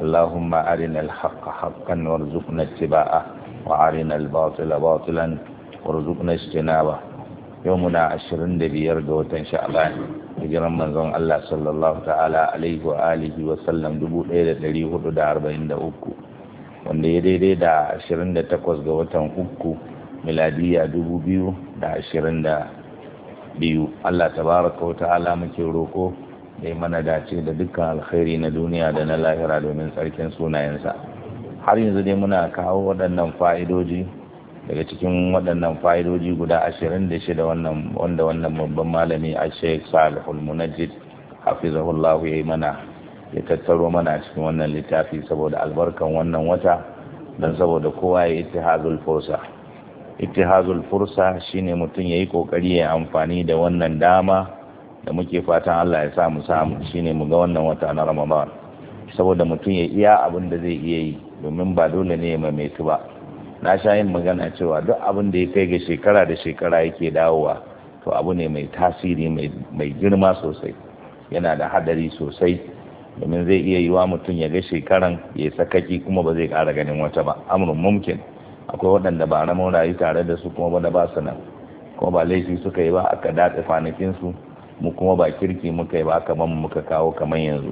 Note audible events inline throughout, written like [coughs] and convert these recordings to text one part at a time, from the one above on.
اللهم أرنا الحق حقا وارزقنا اتباعه وأرنا الباطل باطلا وارزقنا اجتنابه يومنا عشرين دبير دوتن شعبان hijiran manzon Allah sallallahu ta'ala alaihi wa alihi wa sallam 1443 wanda ya daidai da 28 ga watan uku miladiya 2022 Allah tabaraka wa ta'ala muke roko da ya mana dace da dukkan alkhairi na duniya da na lahira domin tsarkin sunayensa har yanzu dai muna kawo waɗannan fa'idoji daga cikin waɗannan fa'idoji guda ashirin da shida wanda wannan babban malami a sheik salihul munajjid hafizahullahu ya yi mana ya tattaro mana cikin wannan littafi saboda albarkan wannan wata don saboda kowa ya tihazul fursa ittihazul fursa shine mutum ya yi kokari ya amfani da wannan dama da muke fatan Allah ya sa mu samu shine mu ga wannan wata na Ramadan saboda mutum ya iya abin da zai iya yi domin ba dole ne ya mai ba na sha yin magana cewa duk abin da ya kai ga shekara da shekara yake dawowa to abu ne mai tasiri mai girma sosai yana da hadari sosai domin zai iya yiwa mutum ya ga shekaran ya sakaki kuma ba zai ƙara ganin wata ba amurin mumkin akwai waɗanda ba ramon rayu tare da su kuma ba da ba su nan kuma ba laifi suka yi ba aka datse kwanakinsu mu kuma ba kirki muka yi ba aka mu muka kawo kamar yanzu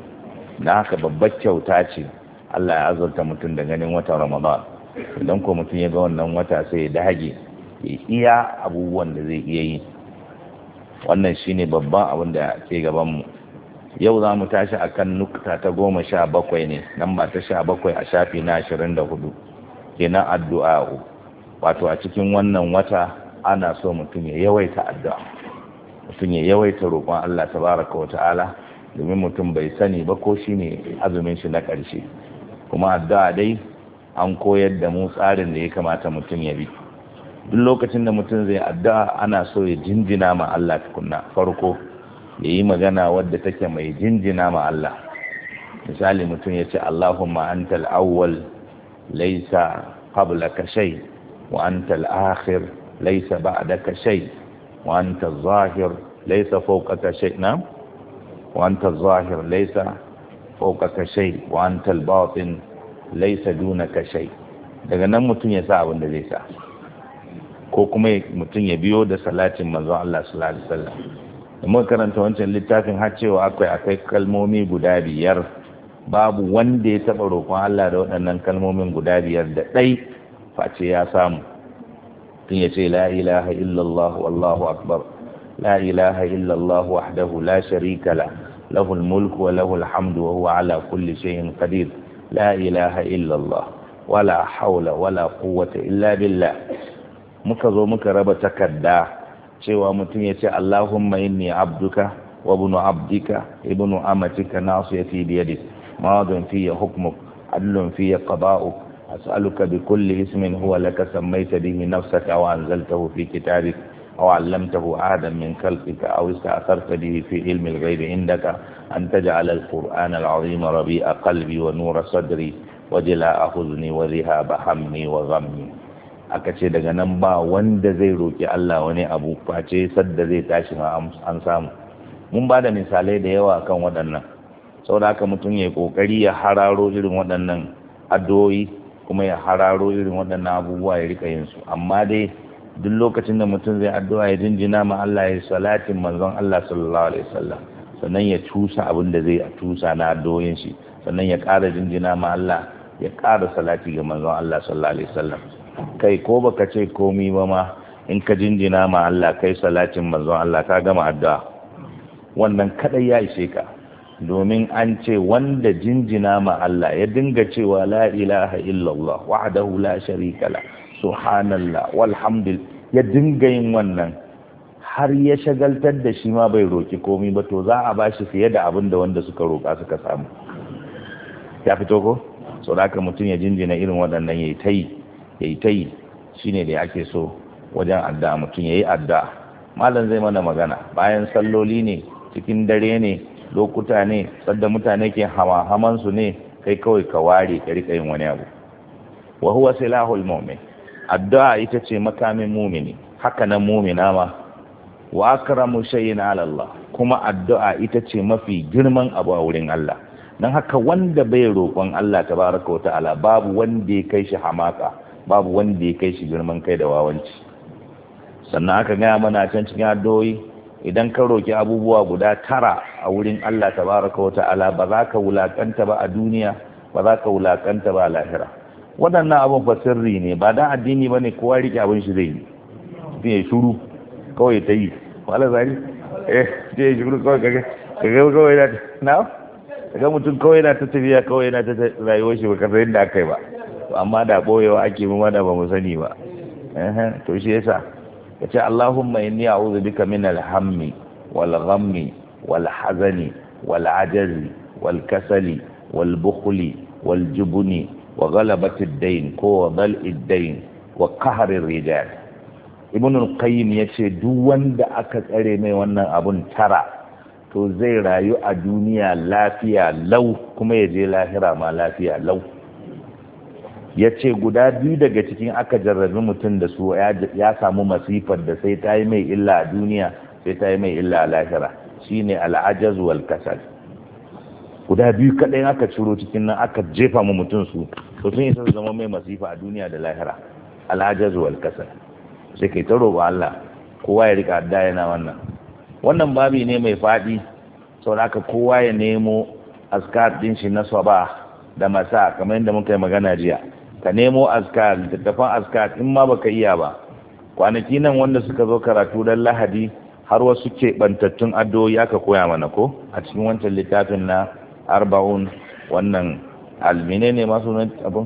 na haka babbar kyauta ce Allah ya azurta mutum da ganin watan Ramadan idan ko mutum ya ga wannan wata sai ya dage ya iya abubuwan da zai iya yi wannan shine babban abin da ke gaban mu yau za mu tashi a kan nukta ta goma sha bakwai ne nan ba ta sha bakwai a shafi na ashirin da hudu kenan addu'a wato a cikin wannan wata ana so mutum ya yawaita addu'a mutum ya yawaita roƙon Allah tabaraka wa ta'ala domin mutum bai sani ba ko shine azumin shi na ƙarshe kuma addu'a dai an koyar da mu tsarin da ya kamata mutum ya bi duk lokacin da mutum zai addu'a ana so ya jinjina ma Allah tukunna farko ya yi magana wadda take mai jinjina ma Allah misali mutum ya ce Allahumma antal awwal laysa qablaka shay wa antal akhir laysa ba'daka shay' وأنت الظاهر ليس فوقك شيء نعم وأنت الظاهر ليس فوقك شيء وأنت الباطن ليس دونك شيء daga nan mutum ya sa abin da zai sa ko kuma mutum ya biyo da salatin manzon Allah sallallahu alaihi wasallam da karanta wancan littafin har cewa akwai akwai kalmomi guda biyar babu wanda ya taba roƙon Allah da waɗannan kalmomin guda biyar da ɗai face ya samu mutum ya ce la ilaha illallah wallahu akbar la ilaha illallah wahdahu la sharika la lahu almulk wa lahu alhamdu wa huwa ala kulli shay'in qadir la ilaha illallah wala hawla wala quwwata illa billah muka zo muka raba takarda cewa mutum ya ce Allahumma inni abduka wa ibnu abdika ibnu amatika nasiyati bi yadik madun fi hukmuk adlun fiya qada'uk أسألك بكل اسم هو لك سميت به نفسك أو أنزلته في كتابك أو علمته أحدا من خلقك أو استأثرت به في علم الغيب عندك أن تجعل القرآن العظيم ربيع قلبي ونور صدري وجلاء حزني وذهاب همي وغمي aka ce daga nan ba wanda zai roƙi Allah wani abu face sadda zai tashi ma an samu mun ba da misalai da yawa kan waɗannan saboda haka mutum ya yi ƙoƙari ya hararo irin waɗannan addu'o'i kuma ya hararo irin waɗannan abubuwa ya rika yin su amma dai duk lokacin da mutum zai addu'a ya jinjina ma Allah ya salatin manzon Allah sallallahu alaihi wasallam sannan ya tusa abin da zai tusa na addu'oyin shi sannan ya ƙara jinjina ma Allah ya ƙara salati ga manzon Allah sallallahu alaihi wasallam kai ko baka ce komi ba ma in ka jinjina ma Allah kai salatin manzon Allah ka gama addu'a wannan kadai ya ishe ka domin an ce wanda jinjina ma Allah ya dinga cewa la ilaha illallah wahdahu la sharika la subhanallah walhamdulillah ya dinga yin wannan har ya shagaltar da shi ma bai roki komai ba to za a bashi fiye da abin wanda suka roka suka samu ya fito ko so da mutum ya jinjina irin waɗannan yayi tai yayi tai shine da yake so wajen addu'a mutum yayi addu'a malam zai mana magana bayan salloli ne cikin dare ne lokuta ne sadda mutane ke hama su ne kai kawai ka ware ka rika yin wani abu wa huwa silahul mu'min addu'a ita ce makamin mumini haka nan mumina ma wa akramu shay'in ala Allah kuma addu'a ita ce mafi girman abu a wurin Allah dan haka wanda bai roƙon Allah tabaaraka wa ta'ala babu wanda ya kai shi hamaka babu wanda ya kai shi girman kai da wawanci sannan aka gaya mana can cikin addu'o'i idan ka roki abubuwa guda tara a wurin Allah tabaraka wa ta'ala ba za ka wulakanta ba a duniya ba za ka wulakanta ba a lahira waɗannan abin fa sirri ne ba dan addini ba ne kowa riƙe abin shi zai yi shuru kawai ta yi wala zari eh ya shuru kawai kaga kaga kawai na na kaga mutum kawai na ta tafiya kawai na ta rayuwar shi ba ka san aka yi ba amma da boyewa ake mu ma da ba mu sani ba to shi yasa ka ce Allahumma inni a'udhu bika min alhammi hammi wal walajazi wal hazani wal ajazi wal kasali wal wal wa ghalabati ko wa dhal'i ad wa qahri rijal ibn al-qayyim yace duk wanda aka tsare mai wannan abun tara to zai rayu a duniya lafiya lau kuma ya je lahira ma lafiya lau ya ce guda biyu daga cikin aka jarrabi mutum da su ya samu masifar da sai ta yi mai illa a duniya sai ta yi mai illa a lahira shi ne al'ajaz wal kasal guda biyu kaɗai aka ciro cikin nan aka jefa mu mutum su to sun isa su zama mai masifa a duniya da lahira al'ajaz wal kasal sai kai ta ba Allah kowa ya rika adda yana wannan wannan babi ne mai faɗi saboda haka kowa ya nemo askar ɗin shi na saba da masa kamar yadda muka yi magana jiya ka nemo azkar littattafan azkar in ma baka iya ba kwanaki nan wanda suka zo karatu don lahadi har wasu keɓantattun ya aka koya mana ko a cikin wancan littafin na arba'un wannan almine ne masu nan abin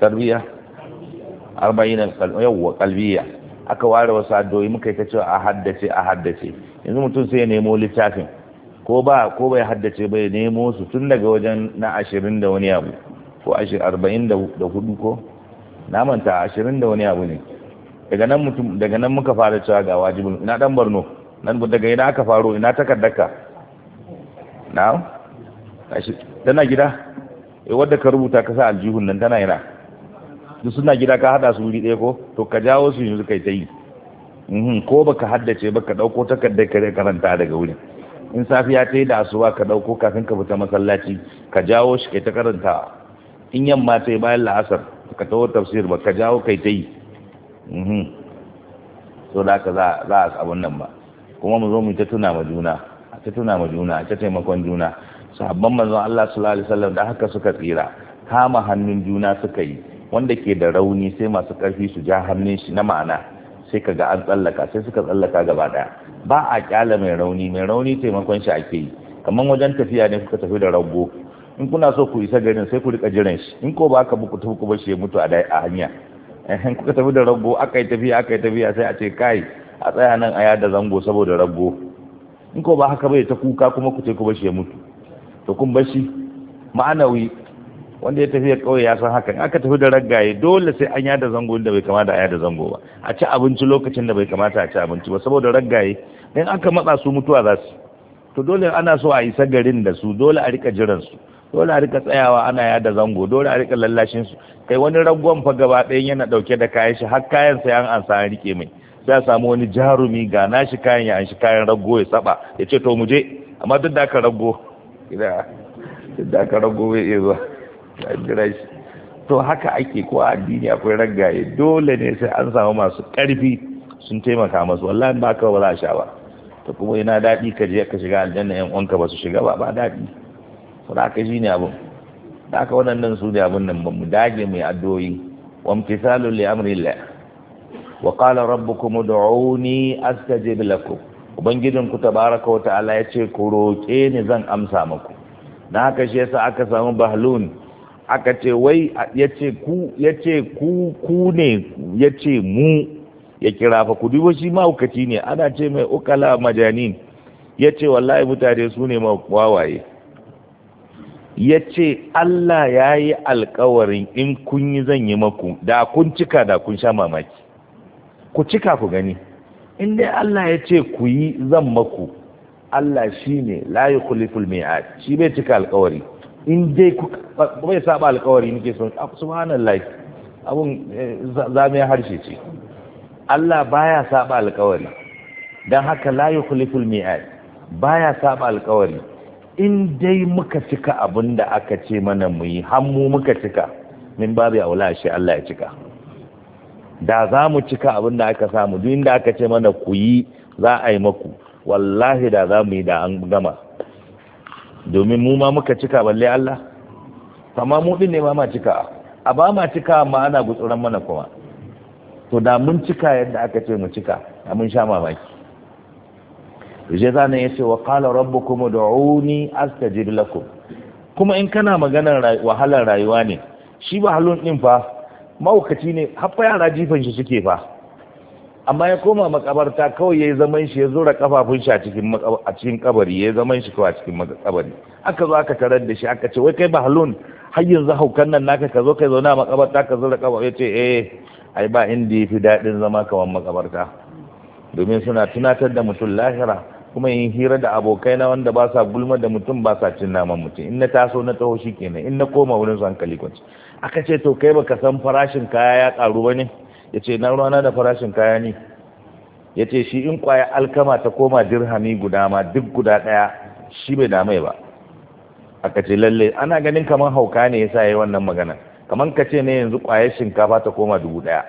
tarbiya arba'in yawwa kalbiya aka ware wasu addu'o'i muka yi ta cewa a haddace a haddace yanzu mutum sai ya nemo littafin ko ba ko bai haddace bai nemo su tun daga wajen na ashirin da wani abu ko arba'in da hudu ko na manta ashirin da wani abu ne daga nan mutum daga nan muka fara cewa ga wajibin ina dan barno nan daga ina aka faro ina takardarka na ashi tana gida eh wadda ka rubuta ka sa aljihun nan tana ina duk suna gida ka hada su wuri ɗaya ko to ka jawo su yanzu kai ta yi mhm, ko baka haddace ba ka ɗauko takardar ka karanta daga wurin in safiya ta yi da asuba ka ɗauko kafin ka fita masallaci ka jawo shi kai ta karanta in yamma ta yi bayan la'asar ka taho tafsir ba ka jawo kai ta yi mhm. so da ka za a abin nan ba kuma mu zo mu ta tuna ma juna ta tuna ma juna ta taimakon juna sahabban manzon Allah sallallahu alaihi wasallam da haka suka tsira kama hannun juna suka yi wanda ke da rauni sai masu karfi su ja hannun shi na ma'ana sai ka ga an tsallaka sai suka tsallaka gaba daya ba a kyala mai rauni mai rauni taimakon shi ake yi kamar wajen tafiya ne suka tafi da rago in kuna so ku isa garin sai ku rika jiran shi in ko ba aka buku tafi ku bashi ya mutu a hanya eh, in kuka tafi da rabbo aka yi tafiya aka yi tafiya sai a ce kai a tsaya nan a yada zango saboda rabbo in ko ba haka bai ta kuka kuma ku ce ku bashi ya mutu to kun bashi ma'anawi wanda ya tafi ya kauye ya san haka in aka tafi da raggaye dole sai an yada zango da bai kamata a yada zango ba a ci abinci lokacin da bai kamata a ci abinci ba saboda raggaye in aka matsa su mutuwa za su to dole ana so a isa garin da su dole a rika jiran su dole a rika tsayawa ana yada zango dole a rika lallashin su kai wani ragon fa gaba ɗayan yana ɗauke da kayan shi har kayan sai an ansa rike mai sai a samu wani jarumi ga na shi kayan ya anshi kayan rago ya saba ya ce to mu je amma duk da aka rago duk da aka rago bai iya zuwa jira shi to haka ake ko addini akwai ragaye dole ne sai an samu masu ƙarfi sun taimaka masu wallahi ba ka ba za a sha ba to kuma yana daɗi ka je ka shiga aljanna yan uwanka ba su shiga ba ba daɗi da aka shi ne abin da aka waɗannan su ne abin nan ba mu dage mai addu'o'i wa imtisalul li la wa qala rabbukum ud'uni astajib lakum ubangijin ku tabaraka wa ta'ala yace ce ku roke ni zan amsa muku dan haka shi yasa aka samu bahlun aka ce wai ya ce ku yace ku ku ne yace ce mu ya kira fa ku dubo shi mahaukaci ne ana ce mai ukala majanin yace ce wallahi mutane su ne wawaye ya ce Allah ya yi alkawarin in kun yi zan yi maku da kun cika da kun sha mamaki ku cika ku gani in dai Allah ya ce ku yi zan maku Allah shi ne layi kuliful mai'ad shi bai cika alkawari in dai ku bai saba alkawari nake son ah, subhanallah abun eh, zame harshe ce Allah baya saba alkawari dan haka layi kuliful mai'ad baya saba alkawari in dai muka cika abin da aka ce mana mu yi hannu muka cika min babu wula shi Allah ya cika da za mu cika abin da aka samu duk inda aka ce mana ku yi za a yi maku wallahi da za mu yi da an gama domin mu ma muka cika balle Allah amma mu din ne ma ma cika a ba ma cika amma ana gutsuran mana kuma to da mun cika yadda aka ce mu cika mun sha mamaki je zana ya ce wa qala rabbukum ud'uni astajib lakum kuma in kana maganar wahalar rayuwa ne shi ba halon din fa maukaci ne haffa yara jifan shi suke fa amma ya koma makabarta kawai ya zaman shi ya zura kafafun shi a cikin kabari ya zaman shi kawai a cikin kabari aka zo aka tarar da shi aka ce wai kai ba har yanzu haukan nan naka ka zo kai zauna a makabarta ka zura kafa ya ce eh ai ba inda ya fi daɗin zama kamar makabarta domin suna tunatar da mutum lahira kuma in hira da abokai na wanda ba sa gulma da mutum ba sa cin naman mutum in na taso na taho shi kenan in na koma wurin su hankali kwanci aka ce to kai baka san farashin kaya ya karu ba ne ya ce na ruwana da farashin kaya ne ya ce shi in kwaya alkama ta koma dirhami guda ma duk guda ɗaya shi bai damai ba aka ce lalle ana ganin kamar hauka ne yasa yayi wannan magana kamar ka ce ne yanzu kwayar shinkafa ta koma dubu ɗaya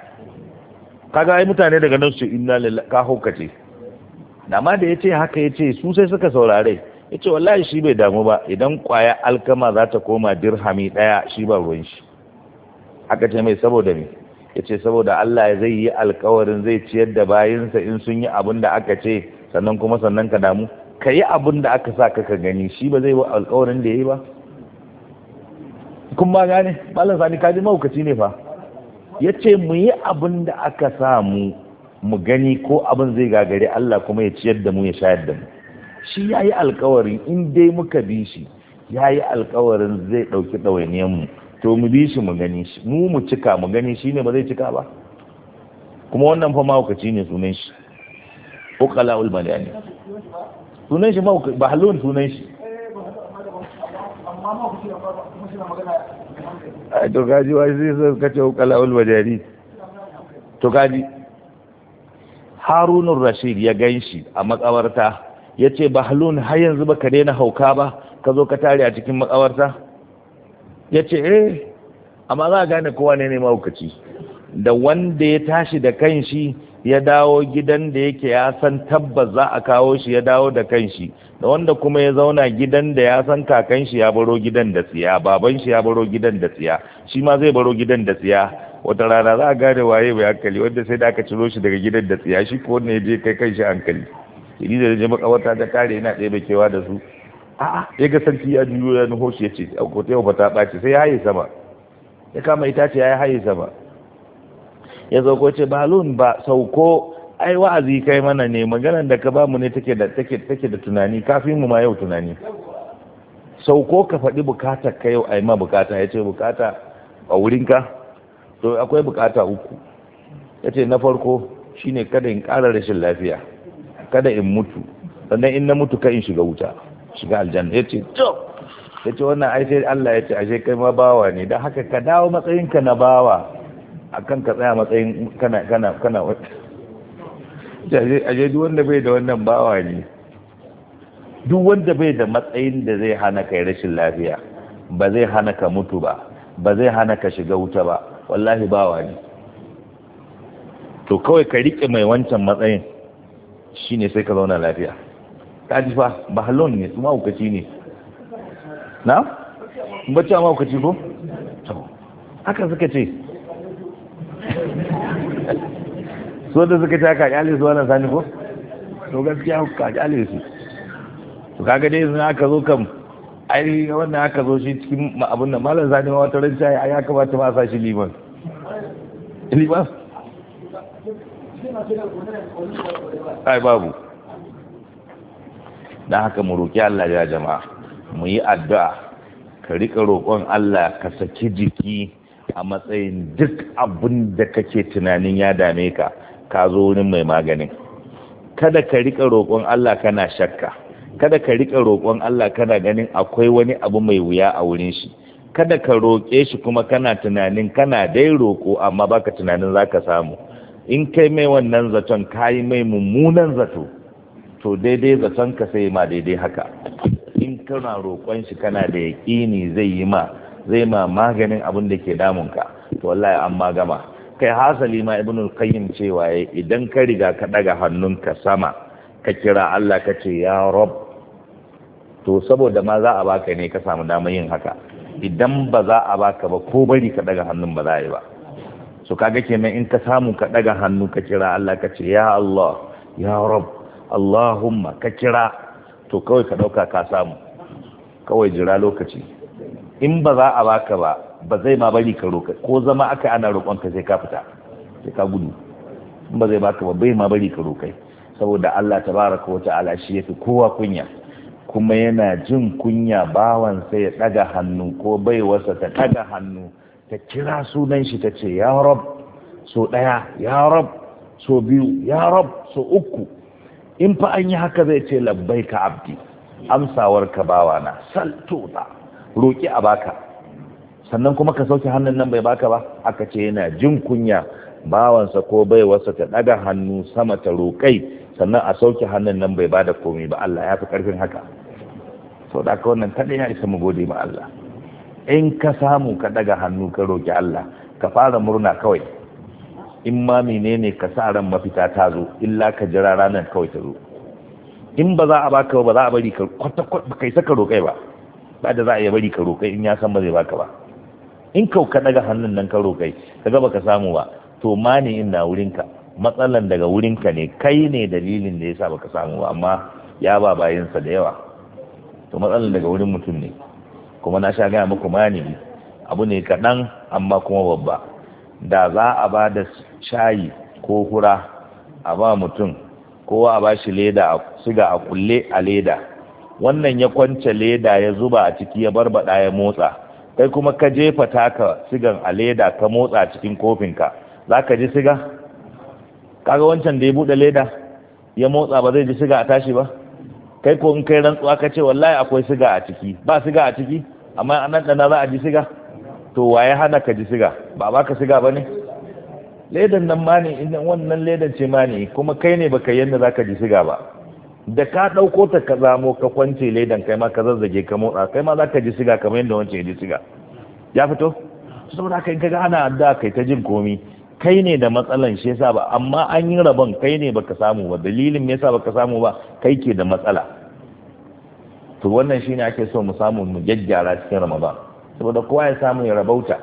kaga ai mutane daga nan su inna lillahi ka ce. da ma da ya ce haka ya ce su sai suka saurare ya ce wallahi shi bai damu ba idan kwaya alkama za ta koma dirhami daya shi ba ruwan shi aka ce mai saboda me ya ce saboda Allah zai yi alkawarin zai ciyar da bayinsa in sun yi abin da aka ce sannan kuma sannan ka damu ka yi abin da aka sa ka gani shi ba zai yi alkawarin da ya yi ba kun ba gane malam sani kaji mahaukaci ne fa ya ce mu yi abin da aka sa mu mu gani ko abin zai gagare Allah kuma ya ciyar da mu ya shayar da mu shi ya yi alkawarin in dai muka bi shi ya yi alkawarin zai ɗauki mu, to mu bi shi mu gani shi mu mu cika mu gani shi ne ba zai cika ba kuma wannan fa mahaukaci ne sunan shi ukala ulmaliyani sunan shi ba halon sunan shi to kaji wa sai ka ce ukala ulmaliyani to kaji harunun rashid ya gan shi a makawarta ya ce bahlun har yanzu ba ka daina hauka ba ka zo ka tare a cikin makawarta ya ce eh amma za a gane kowa ne ne mahaukaci da wanda ya tashi da kan shi ya dawo gidan da yake ya san tabbas za a kawo shi ya dawo da kanshi da wanda kuma ya zauna gidan da ya san kakan shi ya baro gidan da tsiya baban shi ya baro gidan da tsiya shi ma zai baro gidan da tsiya wata rana za a gane waye mai hankali wanda sai da aka ciro shi daga gidan da tsiya shi ko ne je kai kai shi hankali ili da je makawarta ta kare yana ɗaya bai kewa da su a'a ya ga sarki ya juyo ya nuho shi ya ce a kota yau ba ta ɓaci sai ya haye sama ya kama itace ya haye sama ya sauko ce balun ba sauko ai wa'azi kai mana ne maganar da ka ba mu ne take da take take da tunani kafin mu ma yau tunani sauko ka faɗi bukatar ka yau ai ma bukata ya ce bukata a wurinka to akwai bukata uku ya ce na farko shine kada in ƙara rashin lafiya kada in mutu sannan in na mutu ka in shiga wuta shiga aljanna ya ce ya ce wannan ai sai Allah ya ce ashe kai ma bawa ne dan haka ka dawo matsayinka na bawa akan ka tsaya matsayin kana kana kana ashe duk wanda bai da wannan bawa ne duk wanda bai da matsayin da zai hana kai rashin lafiya ba zai hana ka mutu ba ba zai hana ka shiga wuta ba wallahi ba wani to kawai ka riƙe mai wancan matsayin shine sai ka zauna lafiya ta ji fa ba halon ne kuma hukaci ne na? bacci a hukaci ko? haka suka ce so da suka ce haka kyale su wannan sani ko? to gaskiya haka kyale su to kaga dai sun aka zo kam ai wannan aka zo shi cikin abin da malar sani wata ran shayi ya kamata ma sa shi liman ni ai babu da haka mu roki Allah ya jama'a mu yi addu'a ka rika roƙon Allah ka saki jiki a matsayin duk abin da kake tunanin ya dame ka ka zo wurin mai maganin kada ka rika roƙon Allah kana shakka kada ka rika roƙon Allah kana ganin akwai wani abu mai wuya a wurin shi kada ka roƙe shi kuma kana tunanin kana dai roƙo amma baka tunanin zaka samu in kai mai wannan zaton kayi mai mummunan zato to daidai zaton ka sai ma daidai haka in kana roƙon shi kana da yaƙini zai yi ma zai ma maganin abin da ke damun ka to wallahi an ma gama kai hasali ma ibnul qayyim cewa idan ka riga ka daga hannunka sama ka kira Allah ka ce ya Rab'? to saboda ma za a baka ne ka samu damar yin haka idan ba za a baka ba ko bari ka daga hannun ba za a yi ba so kaga kenan in ka samu ka daga hannu ka kira Allah ka ce ya Allah ya Rabb Allahumma ka kira to kawai ka dauka ka samu kawai jira lokaci in ba za a baka ba ba zai ma bari ka roka ko zama aka ana roƙon ka sai ka fita sai ka gudu in ba zai baka ba bai ma bari ka roka saboda Allah tabaraka wa ta'ala shi yafi kowa kunya kuma yana jin kunya bawansa ya ɗaga hannu ko wasa ta ɗaga hannu ta kira sunan shi ta ce ya rab so ɗaya ya rab so biyu ya rab so uku in fa an yi haka zai ce labbai ka abdi amsawar ka bawa na ta, roƙi a baka sannan kuma ka sauke hannun nan bai baka ba aka ce yana jin kunya bawansa ko wasa ta ɗaga hannu sama ta roƙai sannan a sauke hannun nan bai bada komai ba Allah ya fi ƙarfin haka sau da wannan kaɗai ya isa mu gode ma Allah in ka samu ka daga hannu ka roƙi Allah ka fara murna kawai in ma menene ka sa ran mafita ta zo illa ka jira ranar kawai ta zo in ba za a baka ba za a bari ka kwata kwata kai saka roƙai ba ba da za a yi bari ka roƙai in ya san ba zai baka ba in ka ka daga hannun nan ka roƙai ka ga baka samu ba to ma ne in na ka matsalan daga wurin ka ne kai ne dalilin da yasa baka samu ba amma ya ba bayansa da yawa to matsalan daga wurin mutum ne kuma na sha gaya muku mani abu ne kaɗan amma kuma babba da za a ba da shayi ko hura a ba mutum kowa a ba shi leda siga a kulle a leda wannan ya kwance leda ya zuba a ciki ya barbada ya motsa kai kuma ka jefa taka sigan a leda ka motsa a cikin kofinka za ka ji siga kaga wancan da ya buɗe leda ya motsa ba zai ji siga a tashi ba kai ko in kai rantsuwa ka ce wallahi akwai siga a ciki ba siga a ciki amma an nan za a ji siga to waye hana ka ji siga ba ba ka siga bane ledan nan ma ne idan wannan ledan ce ma ne kuma kai ne baka yanda zaka ji siga ba da ka dauko ta ka zamo ka kwance ledan kai ma ka zazzage ka motsa kai ma zaka ji siga kamar yanda wancan ya ji siga ya fito saboda haka in ga ana addu'a kai ta jin komi kai ne da matsalan shi yasa ba amma an yi rabon kai ne baka samu ba dalilin me yasa baka samu ba kai ke da matsala to wannan shine ake so mu samu mu jajjara cikin ramadan saboda kowa ya samu ya rabauta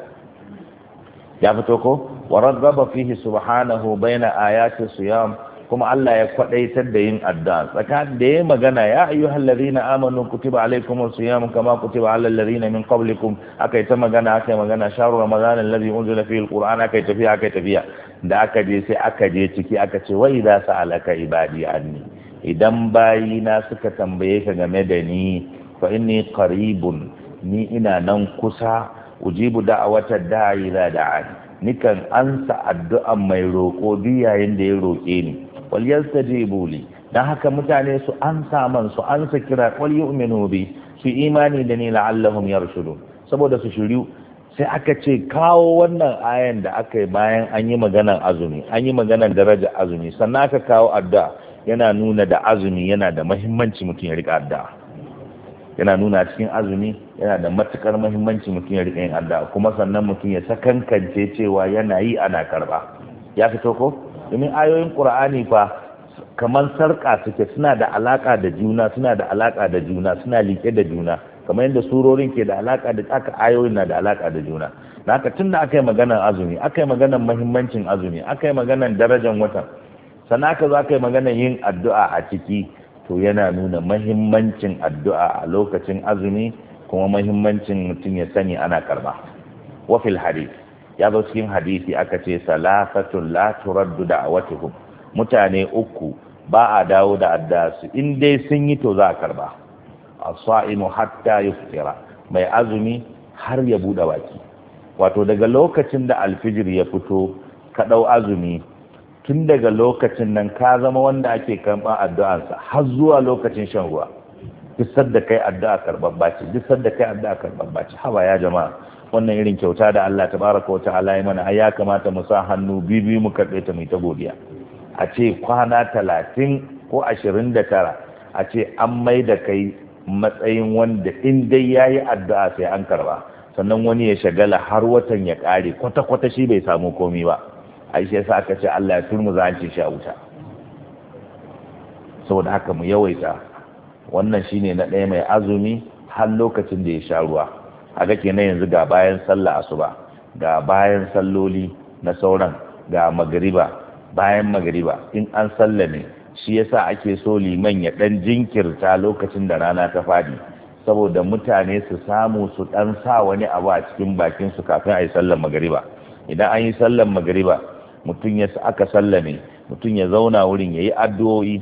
ya fito ko wa raddaba fihi subhanahu baina ayati siyam kuma Allah ya kwadaitar da yin addu'a tsakanin da yayi magana ya ayyuhal ladina amanu kutiba alaykumus siyam kama kutiba alal ladina min qablikum akai ta magana akai magana sharu ramadan alladhi unzila fihi alquran akai tafiya akai tafiya da aka je sai aka je ciki aka ce wa idza sa'alaka ibadi anni idan bayina suka tambaye ka game da ni fa inni qaribun ni ina nan kusa ujibu da'awata da'i la da'ani nikan ansa addu'an mai roƙo duk yayin da ya roƙe ni wal je boli dan haka mutane su ansa man su ansa kira wal yu'minu bi su imani da ni la'allahum yarshudun saboda su shiryu sai aka ce kawo wannan ayan da aka yi bayan an yi maganan azumi an yi maganan daraja azumi sannan aka kawo addu'a yana nuna da azumi yana da mahimmanci mutum ya rika addu'a yana nuna cikin azumi yana da matukar mahimmanci mutum ya rika yin addu'a kuma sannan mutum ya sakankance cewa yana yi ana karba ya fito ko domin ayoyin ƙura'ani fa kamar sarƙa suke suna da alaƙa da juna suna da alaƙa da juna suna liƙe da juna kamar yadda surorin ke da alaƙa da aka ayoyin na da alaƙa da juna da haka tun da aka yi maganar azumi aka yi maganar mahimmancin azumi aka yi maganar darajar watan sannan aka za ka yi maganar yin addu'a a ciki to yana nuna mahimmancin addu'a a lokacin azumi kuma mahimmancin mutum ya sani ana karba wafil hadith ya zo cikin hadisi aka ce salafatun la turaddu da'awatuhum mutane uku ba a dawo da addasu in dai sun yi to za a karba as-sa'imu hatta yuftira mai azumi har ya bude baki wato daga lokacin da alfijir ya fito ka dau azumi tun daga lokacin nan ka zama wanda ake karban addu'ansa har zuwa lokacin shan ruwa duk sadda kai addu'a karban baci duk sadda kai addu'a karban baci haba ya jama'a wannan irin kyauta da Allah tabaraka wa ta'ala ya mana ya kamata mu sa hannu bibi mu karɓe ta mai ta godiya a ce kwana talatin ko ashirin da tara a ce an mai da kai matsayin wanda in dai ya yi addu'a sai an karba sannan wani ya shagala har watan ya ƙare kwata-kwata shi bai samu komi ba a shi yasa aka ce Allah ya turmu za ce shi a wuta saboda haka mu yawaita wannan shine na ɗaya mai azumi har lokacin da ya sha ruwa A aga kenan yanzu ga bayan sallah asuba ga bayan salloli na sauran ga magariba bayan magariba in an sallame shi yasa ake so liman ya dan jinkirta lokacin da rana ta fadi saboda mutane su samu su dan sa wani abu a cikin bakin su kafin a yi sallar magariba idan an yi sallar magariba mutum ya aka sallame mutum ya zauna wurin ya yi addu'o'i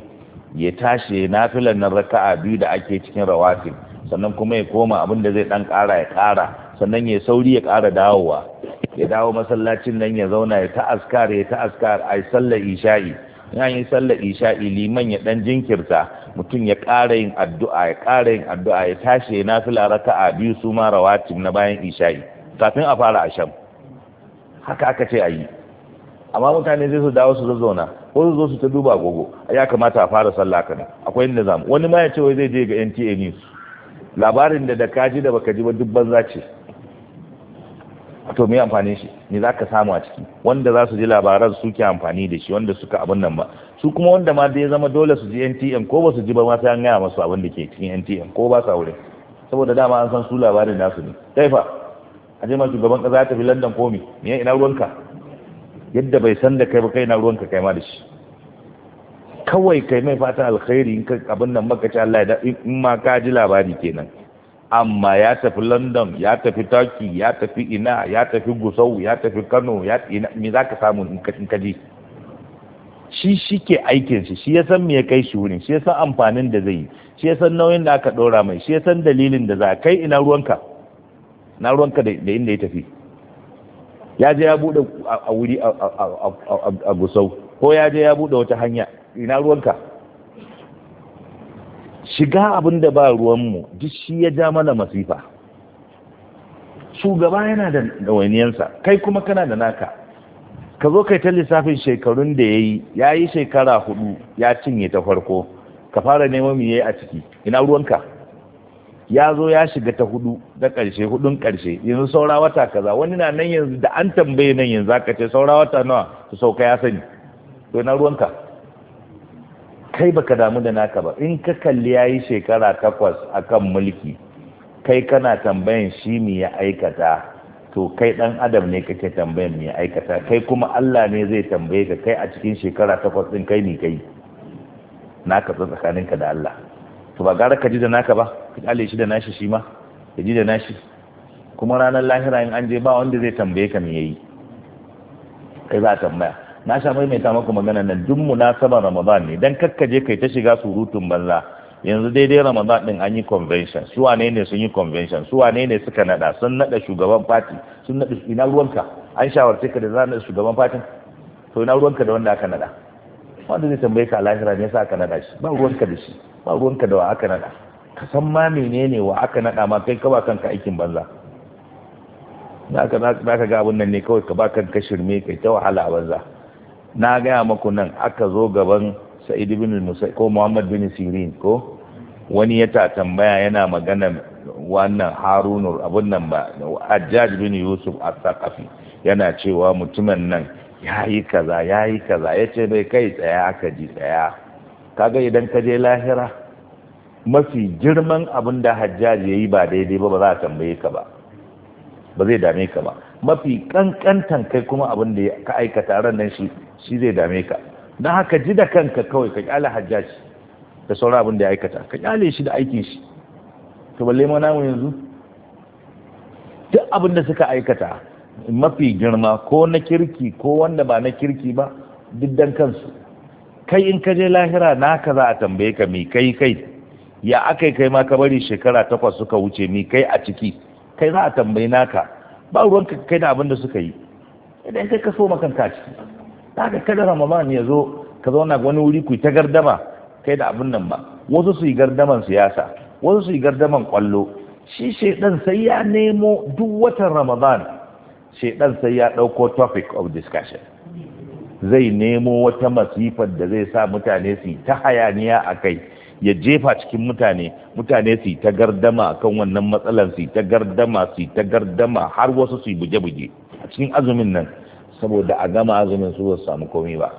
ya tashi nafilan na raka'a biyu da ake cikin rawatib sannan kuma ya koma abin da zai dan kara ya kara sannan ya sauri ya kara dawowa ya dawo masallacin nan ya zauna ya ta askar ya ta askar ai sallar isha'i anyi yi sallar isha'i liman ya dan jinkirta mutum ya ƙara yin addu'a ya ƙara yin addu'a ya tashi ya nafila raka'a biyu su ma rawatib na bayan isha'i kafin a fara asham haka aka ce a yi amma mutane zai su dawo su zazzauna ko su zo su ta duba gogo ya kamata a fara sallah kana akwai inda zamu wani ma ya ce wai zai je ga NTA news labarin da da kaji da baka ji ba duk banza ce to me amfani shi ni zaka samu a ciki wanda za su ji labaran su ke amfani da shi wanda suka abin nan ba su kuma wanda ma da ya zama dole su ji NTM ko ba su ji ba ma sai an gaya masu abin da ke cikin NTM ko ba sa wuri saboda dama an san su labarin nasu ne Taifa fa a je ma shugaban kaza ta fi London ko me me ina ruwanka yadda bai san da kai ba kai ina ruwanka kai ma da shi kawai kai mai fatan alkhairi in abin nan maka ci Allah ya in ma ka ji labari kenan amma ya tafi London ya tafi Turkey ya tafi ina ya tafi Gusau ya tafi Kano ya ina me zaka samu in ka ji shi shi ke aikin shi shi ya san me ya kai shi wurin shi ya san amfanin da zai yi shi ya san nauyin da aka ɗora mai shi ya san dalilin da za kai ina ruwanka na ruwanka da inda ya tafi ya je ya buɗe a wuri a gusau ko ya je ya buɗe wata hanya ina ruwanka shiga abin da ba ruwanmu duk shi ya ja mana masifa shugaba yana da ɗawainiyarsa, kai kuma kana da naka ka zo kai ta lissafin shekarun da ya yi ya yi shekara hudu ya cinye ta farko ka fara neman mu yi a ciki ina ruwanka ya zo ya shiga ta hudu da ƙarshe hudun ƙarshe yanzu saura wata kaza wani na nan yanzu da an tambaye nan yanzu aka ce saura wata nawa su sauka ya sani to na ruwanka kai baka damu da naka ba in ka kalli yayi shekara takwas akan mulki kai kana tambayan shi me ya aikata to kai dan adam ne kake tambayan me ya aikata kai kuma Allah ne zai tambaye ka kai a cikin shekara takwas din kai ne kai naka ka da Allah to ba gara ka ji da naka ba ka kyale shi da nashi shi ma ka ji da nashi kuma ranar lahira in an je ba wanda zai tambaye ka me yayi kai za a tambaya na sha maimaita maku magana nan duk munasabar ramadan ne dan kakkaje kai ta shiga surutun banza yanzu daidai ramadan din an yi convention su wane ne sun yi convention su wane ne suka nada sun nada shugaban party sun nada ina ruwanka an shawarce ka da zan nada shugaban party to ina ruwanka da wanda aka nada wanda zai tambaye ka lahira ne sa aka nada shi ba ruwanka da shi ba ruwanka da wa aka nada ka san ma menene wa aka nada ma kai ka ba kanka aikin banza za ka ga abun nan ne kawai ka ba kanka shirme kai ta wahala a banza na gaya maku nan aka zo gaban sa'id bin musa ko muhammad bin sirin ko wani ya ta tambaya yana magana wannan harunur abun nan ba hajjaj bin yusuf as-saqafi yana cewa mutumin nan yayi kaza yayi kaza yace bai kai tsaya aka ji tsaya kaga idan ka je lahira mafi girman abin da ya yayi ba daidai ba ba za a tambaye ka ba ba zai dame ka ba mafi kankantan kai kuma abin da ka aikata ran nan shi shi zai dame ka don haka ji da kanka kawai ka kyale hajjaci da sauran abin da ya aikata ka kyale shi da aikin shi to balle ma namu yanzu duk abin da suka aikata mafi girma ko na kirki ko wanda ba na kirki ba duk dan kansu kai in ka je lahira naka za a tambaye ka mi kai kai ya aka kai ma ka bari shekara takwas suka wuce mi kai a ciki kai za a tambayi naka ba ruwanka kai da abin da suka yi idan kai ka so makanka ciki haka kada ramadan ya zo ka zauna wani wuri ku ta gardama kai da abin nan ba wasu su yi gardaman siyasa wasu su yi gardaman kwallo shi shaidan sai ya nemo duk watan ramadan shaidan sai ya dauko topic of discussion zai nemo wata masifar da zai sa mutane su ta hayaniya a kai ya jefa cikin mutane mutane su ta gardama kan wannan matsalar su ta gardama su ta gardama har wasu su buje-buje a cikin azumin nan saboda a gama azumin su ba samu komi ba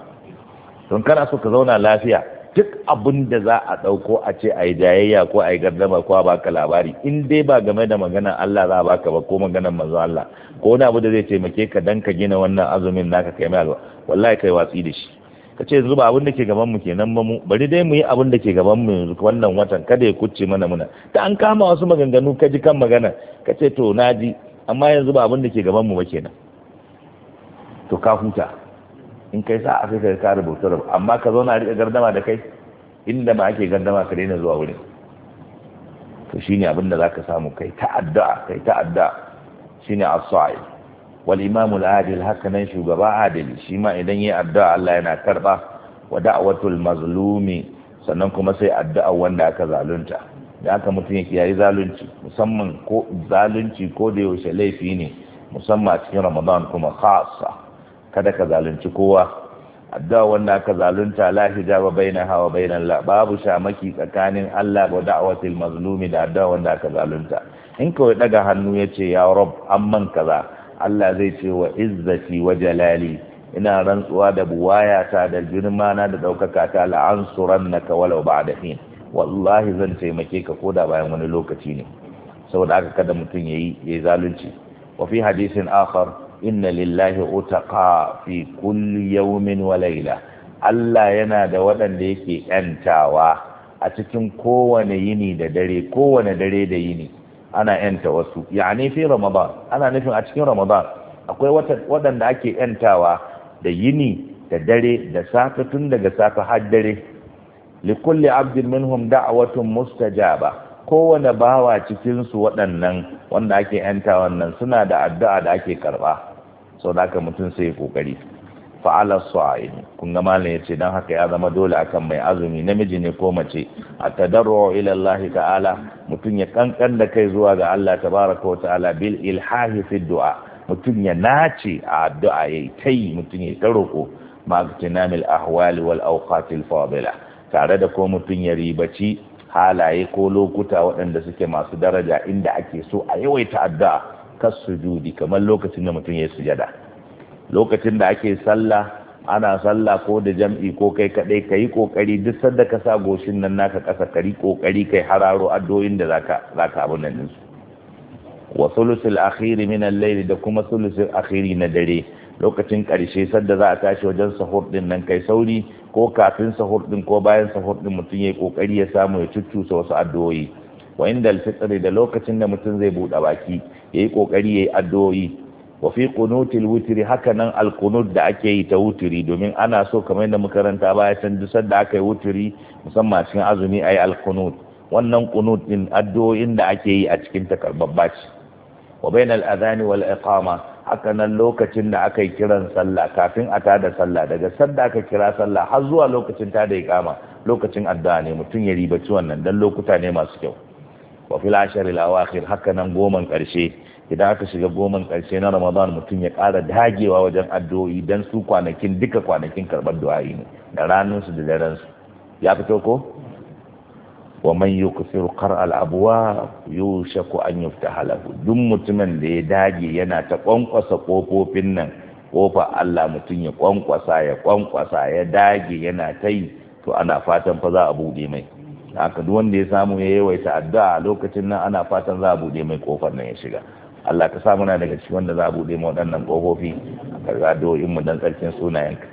don kana so ka zauna lafiya duk abin da za a ɗauko a ce a yi jayayya ko a yi gardama ko a baka labari in dai ba game da maganar Allah za a baka ba ko maganar manzo Allah ko wani abu da zai taimake ka dan ka gina wannan azumin naka kai mai alwa wallahi kai watsi da shi ka ce yanzu ba abin da ke gaban mu kenan ba mu bari dai mu yi abin da ke gaban mu yanzu wannan watan kada ya kucce mana muna ta an kama wasu maganganu ka ji kan magana ka ce to na ji amma yanzu ba abin da ke gaban mu ba kenan to ka huta in kai sa a kai ka rubuta rubuta amma ka zauna a riƙa gardama da kai inda ma ake gardama ka daina zuwa wurin to shine abin da zaka samu kai ta addu'a kai addu'a shine as-sa'i wal imam al-adil haka nan shugaba adili shi ma idan yayi addu'a Allah yana karba wa da'watul mazlumi sannan kuma sai addu'a wanda aka zalunta da aka mutum yake yayi zalunci musamman ko zalunci ko da yaushe laifi ne musamman cikin Ramadan kuma khassa kada ka zalunci kowa addu'a wanda aka zalunta la hijaba hawa wa bainal la babu shamaki tsakanin Allah wa da'watil mazlumi da addu'a wanda aka zalunta in kawai daga hannu yace ya rab amman kaza Allah zai ce wa izzati wa jalali ina rantsuwa da buwaya ta da girma na da daukaka ta la ansurannaka walau ba'da hin wallahi zan taimake ka koda bayan wani lokaci ne saboda haka kada mutum yayi yayi zalunci wa fi hadisin akhar inna lillahi utaqa fi kulli yawmin wa layla Allah yana da waɗanda yake yantawa a cikin kowane yini da dare kowane dare da yini ana ƴanta wasu yani fi ramadan ana nufin a cikin ramadan akwai waɗanda ake yantawa da yini da dare da safe tun daga safe har dare likulli abdin minhum da'watun mustajaba kowane bawa cikinsu waɗannan wanda ake yanta wannan suna da addu'a da ake karba. sau da mutum sai kokari fa'ala su'ain kun ga malam yace dan haka ya zama dole akan mai azumi namiji ne ko mace a ila Allah ta'ala mutum ya kankan da kai zuwa ga Allah tabaaraka wa ta'ala bil ilhahi fi du'a mutum ya nace a addu'a yayi tai mutum ya ta roko ma ahwali wal awqat fadila tare da ko mutum ya ribaci halaye ko lokuta waɗanda suke masu daraja inda ake so a yawaita addu'a su sujudi kamar lokacin da mutum ya sujada lokacin da ake sallah ana sallah ko da jam'i ko kai kadai kai kokari duk sanda ka sa goshin nan naka kasa kari kokari kai hararo addu'o'in da zaka zaka abun nan din su wa thuluthul akhir min laili da kuma thuluthul akhir na dare lokacin ƙarshe sadda za a tashi wajen sahur din nan kai sauri ko kafin sahur din ko bayan sahur din mutum ya yi ƙoƙari ya samu ya cuccusa wasu addu'o'i wa inda alfitri da lokacin da mutum zai buɗe baki ya yi ƙoƙari ya yi addu'o'i wa fi qunutil witri haka nan alqunut da ake yi ta wutiri domin ana so kamar yadda makaranta baya san duk sadda aka yi wutiri musamman cikin azumi ayi alqunut wannan qunut din addu'o'in da ake yi a cikin takarbabba ce wa bainal adhani wal iqama haka nan lokacin da aka yi kiran sallah kafin a tada sallah daga sanda aka kira sallah har zuwa lokacin tada kama lokacin addu'a ne mutum ya ribaci wannan dan lokuta ne masu kyau wa fil ashar al awakhir haka nan goman karshe idan aka shiga goman karshe na ramadan mutum ya ƙara dagewa wajen addu'o'i dan su kwanakin duka kwanakin karɓar du'a ne da ranunsu da daren su ya fito ko wa man yuksir qar al abwa yushaku an yuftaha lahu duk mutumin da ya dage yana ta kwankwasa kofofin nan kofa Allah mutum ya kwankwasa ya kwankwasa ya dage yana ta yi to ana fatan fa za a bude mai haka duk wanda ya samu ya yawaita addu'a lokacin nan ana fatan za a bude mai kofar nan ya shiga Allah ka sa muna daga cikin wanda za a bude mai waɗannan kofofi a karga do'in mu dan tsarkin sunayenka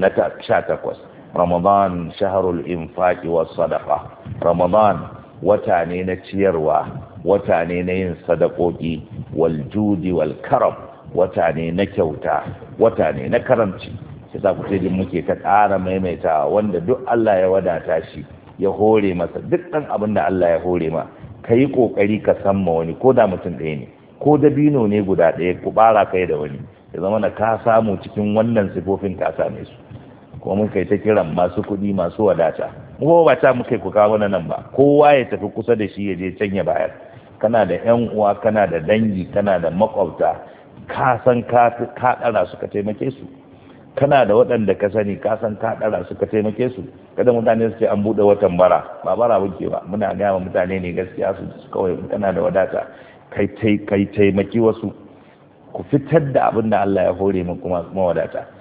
na 18 ramadan shaharul infaqi was sadaqa ramadan wata ne na ciyarwa wata ne na yin sadakoki wal judi wal karam wata ne na kyauta wata ne na karamci sai za ku ce muke ta ƙara maimaita wanda duk Allah ya wadata shi ya hore masa duk ɗan abin da Allah ya hore ma ka yi ƙoƙari ka san ma wani ko da mutum ɗaya ne ko dabino ne guda ɗaya ku ɓara kai da wani ya zama na ka samu cikin wannan sifofin ka same su ko mun kai ta kiran masu kuɗi masu wadata mu ba ta muka ku kawo nan ba kowa ya tafi kusa da shi ya je can ya bayar kana da yan uwa kana da dangi kana da makwabta ka san ka ɗara su ka taimake su kana da waɗanda ka sani ka san ka ɗara su ka taimake su kada mutane su ce an buɗe watan bara ba bara wuce ba muna gaya wa mutane ne gaskiya su kawai kana da wadata kai taimaki wasu ku fitar da abin da Allah ya hore mu kuma wadata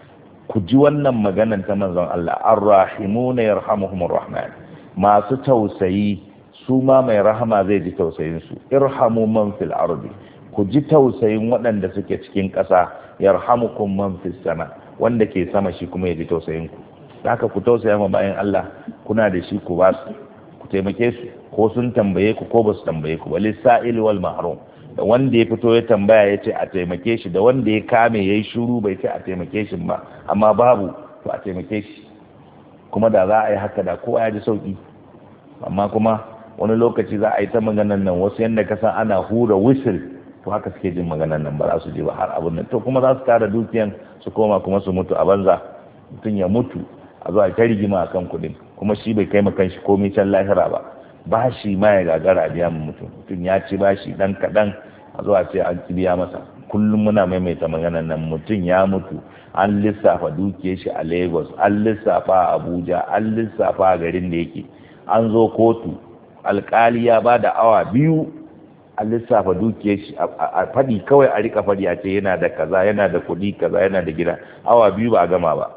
ku ji wannan maganan ta manzon Allah arrahimuna yarhamuhumur rahman masu tausayi su ma mai rahama zai ji tausayin su irhamu man fil ardi ku ji tausayin waɗanda suke cikin ƙasa yarhamukum man fis sama wanda ke sama shi kuma ya ji tausayin ku haka ku tausaya ma bayan Allah kuna da shi ku ba su ku taimake su ko sun tambaye ku ko ba su tambaye ku ba lissa'il wal mahrum da wanda ya fito ya tambaya ya ce a taimake shi da wanda ya kame ya yi shuru bai ce a taimake shi ba amma babu to a taimake shi kuma da za a yi haka da kowa ya ji sauki amma kuma wani lokaci za a yi ta maganan nan wasu yadda ka san ana hura wisil to haka suke jin maganan nan ba za su ji ba har abin nan to kuma za su tara dukiyan su koma kuma su mutu a banza mutum ya mutu a zuwa ta rigima a kan kuɗin kuma shi bai kai kan shi komai can lahira ba bashi ma ya gagara a biya mutum mutum ya ci bashi dan kaɗan a zuwa ce an biya masa kullum muna maimaita maganan nan mutum ya mutu an lissafa duke shi a lagos an lissafa a abuja an lissafa a garin da yake an zo kotu alkali ya ba da awa biyu a lissafa duke shi a faɗi kawai a rika faɗi a ce yana da kaza yana da kudi kaza yana da gida awa biyu ba a gama ba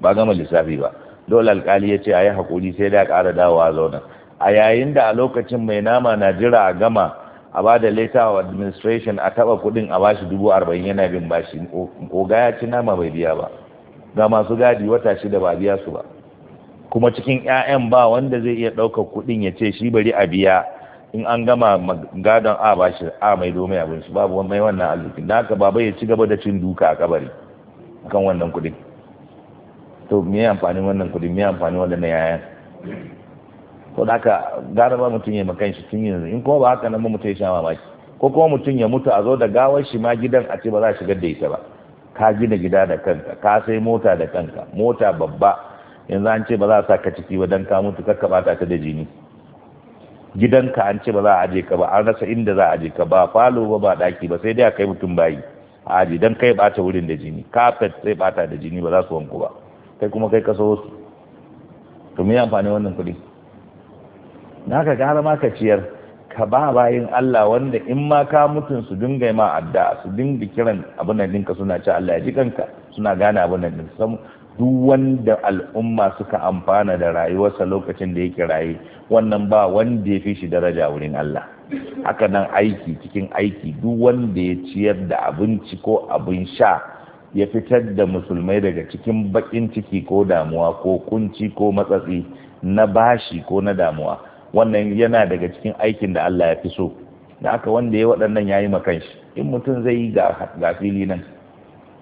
ba gama lissafi ba dole alkali ya ce a yi hakuri sai da ƙara dawowa zauna a yayin da a lokacin mai nama na jira a gama a ba da leta wa administration a taba kudin a bashi dubu arba'in yana bin bashi koga ya ci nama bai biya ba ga masu gadi wata shida ba biya su ba kuma cikin 'ya'yan ba wanda zai iya ɗaukar kudin ya ce shi bari a biya in an gama gadon a bashi a mai domin abin su, babu mai wannan arzikin da haka baba ya ci gaba da cin duka a kabari kan wannan kudin to me amfanin wannan kudin me amfanin wannan yayan ko da haka gara ba mutum ya makan shi tun yanzu in kuma ba haka nan ba mutum ya sha mamaki ko kuma mutum ya mutu a zo da gawar shi ma gidan a ce ba za a shigar da ita ba ka gina gida da kanka ka sai mota da kanka mota babba yanzu an ce ba za a sa ka ciki ba dan ka mutu kakka ba ta da jini Gidan ka an ce ba za a aje ka ba an rasa inda za a aje ka ba falo ba ba daki ba sai dai a kai mutum bayi a aje dan kai bata wurin da jini carpet sai bata da jini ba za su wanku ba kai kuma kai kaso su to me amfani wannan kuɗi na ka gara ma ka ciyar ka ba bayin Allah wanda in ma ka mutun su dinga ma adda su dinga kiran abin nan dinka suna ci Allah ya ji kanka suna gane abin nan dinka duk wanda al'umma suka amfana da rayuwarsa lokacin da yake raye wannan ba wanda ya fi shi daraja wurin Allah haka nan aiki cikin aiki duk wanda ya ciyar da abinci ko abin sha ya fitar da musulmai daga cikin bakin ciki ko damuwa ko kunci ko matsatsi na bashi ko na damuwa wannan yana daga cikin aikin da Allah ya fi so da aka wanda ya waɗannan ya yi makanshi in mutum zai yi ga fili nan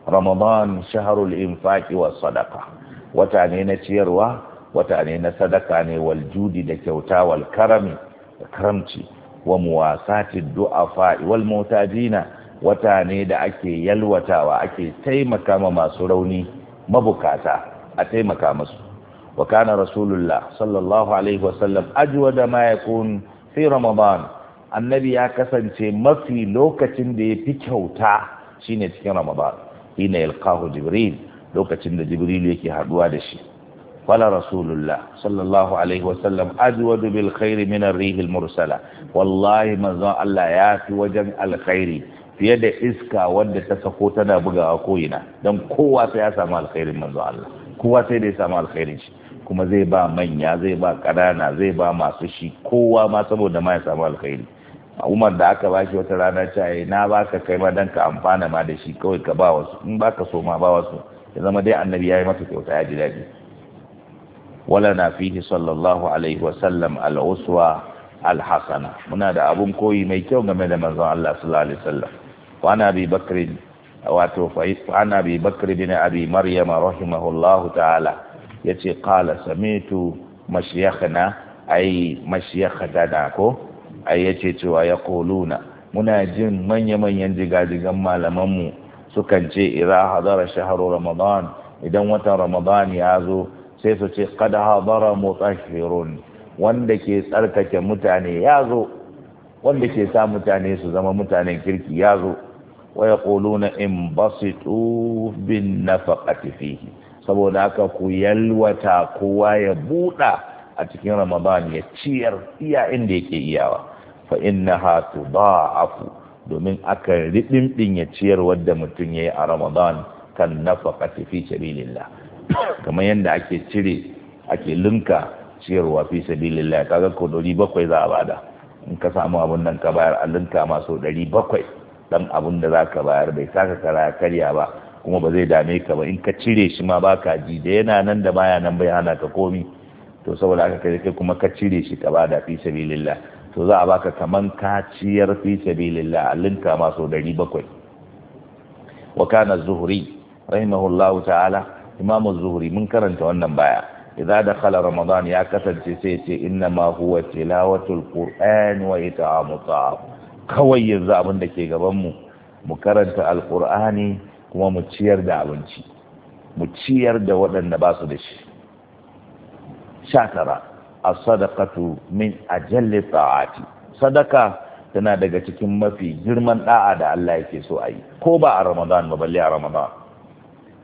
ramadan shaharul infaki wa sadaka wata ne na ciyarwa wata ne na sadaka ne wal judi da kyauta wal karami da karamci wa muwasati du'afa wal mutajina wata ne da ake yalwatawa ake taimaka ma masu rauni mabukata a taimaka masu wa kana rasulullah sallallahu alaihi wasallam ajwada ma yakun fi ramadan annabi ya kasance mafi lokacin da ya fi kyauta shine cikin ramadan hina yalqahu jibril lokacin da jibril yake haɗuwa da shi wala rasulullah sallallahu alaihi wasallam ajwadu bil khairi min ar-rih mursala wallahi manzon Allah ya fi wajen alkhairi fiye da iska wadda ta sako tana bugawa ko ina dan kowa sai ya samu alkhairin manzon Allah kowa sai da ya samu alkhairin shi kuma zai ba manya zai ba ƙanana zai ba masu shi kowa ma saboda ma ya samu alkhairi umar da aka bashi wata rana ta yi na baka kai ma ka amfana ma da shi kawai ka ba wasu in baka so ma ba wasu ya zama dai annabi ya yi masa kyauta ya ji daɗi wala na fihi sallallahu alaihi wa sallam al'uswa al muna da abun koyi mai kyau game da manzon Allah sallallahu alaihi wasallam wa ana bi bakr wato fa ana bi bakr bin abi maryama rahimahullahu ta'ala yace kala samitu mashayikhna ai a ko ai ce cewa ya koluna muna jin manya-manyan jigajigan malamanmu su kan ce ira hadara shaharu ramadan idan watan ramadan ya zo sai su ce hazara motsa shirun wanda ke tsarkake mutane ya zo wanda ke sa mutane su zama mutanen kirki ya zo wa koluna in basitu bin na fihi saboda haka ku yalwata kowa ya buɗa a cikin ramadan ya ciyar iya inda yake iyawa fa ba afu. domin aka riɗin ɗin ya ciyar wadda mutum ya yi a ramadan kan nafaka fi sabilillah [coughs] kamar yadda ake cire ake linka ciyarwa fi sabilillah kaga ko dari bakwai za a bada in ka samu abun nan ka bayar a linka ma ɗari dari bakwai dan abun da za ka bayar bai saka kara karya ba kuma ba zai dame ka ba in ka cire shi ma baka ji da yana nan da baya nan bai hana ka komi to saboda aka kai kai kuma ka cire shi ka bada fi sabilillah to za a baka kaman ka ciyar fi sabilillah allinka ma so 700 wa kana zuhri rahimahullahu ta'ala imam zuhri mun karanta wannan baya idza dakhala ramadan ya kasance sai ce inna ma huwa tilawatul qur'an wa it'amu ta'am kawai yanzu abin da ke gaban mu mu karanta alqur'ani kuma mu ciyar da abinci mu ciyar da waɗanda ba su da shi shatara a sadakatu min ajalli ta'ati sadaka tana daga cikin mafi girman da'a da Allah yake so a yi ko ba a ramadan ba balle a ramadan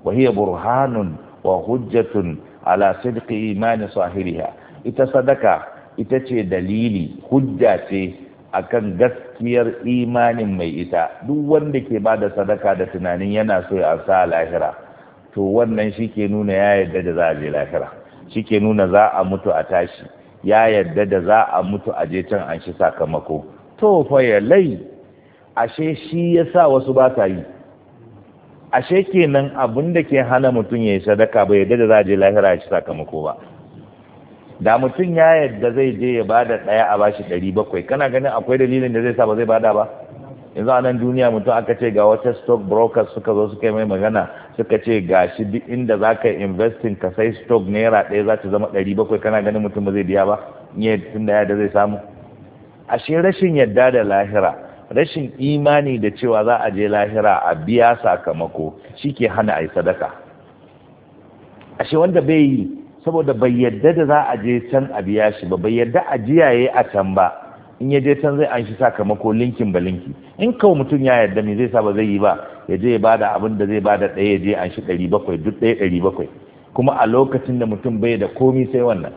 wa hiya burhanun wa hujjatun ala sidqi imani sahiriha ita sadaka ita ce dalili hujja ce akan gaskiyar imanin mai ita duk wanda ke ba da sadaka da tunanin yana so ya sa lahira to wannan shi ke nuna ya yarda da za a je lahira shi ke nuna za a mutu a tashi ya yarda da za a mutu a je can an shi sakamako to fa lai ashe shi ya sa wasu ba ta yi ashe kenan abin da ke hana mutum ya yi sadaka bai yarda da za a je lahira ya shi sakamako ba da mutum ya yadda zai je ya ba da ɗaya a bashi ɗari bakwai kana ganin akwai dalilin da zai sa ba zai bada ba yanzu a nan duniya mutum aka ce ga wata stock brokers suka zo suka yi mai magana suka ce ga shi duk inda za ka investing ka sai stock naira ɗaya za ta zama ɗari bakwai kana ganin mutum ba zai biya ba in tun da da zai samu ashe rashin yadda da lahira rashin imani da cewa za a je lahira a biya sakamako shi ke hana a yi sadaka ashe wanda bai yi saboda bai yadda da za a je can a biya shi ba bai yadda a jiyaye a can ba in ya je can zai an shi sakamako linkin ba linki in kawo mutum ya yadda me zai sa ba zai yi ba ya je ya bada abin da zai bada ɗaya ya je an shi ɗari bakwai duk ɗaya ɗari bakwai kuma a lokacin da mutum bai da komi sai wannan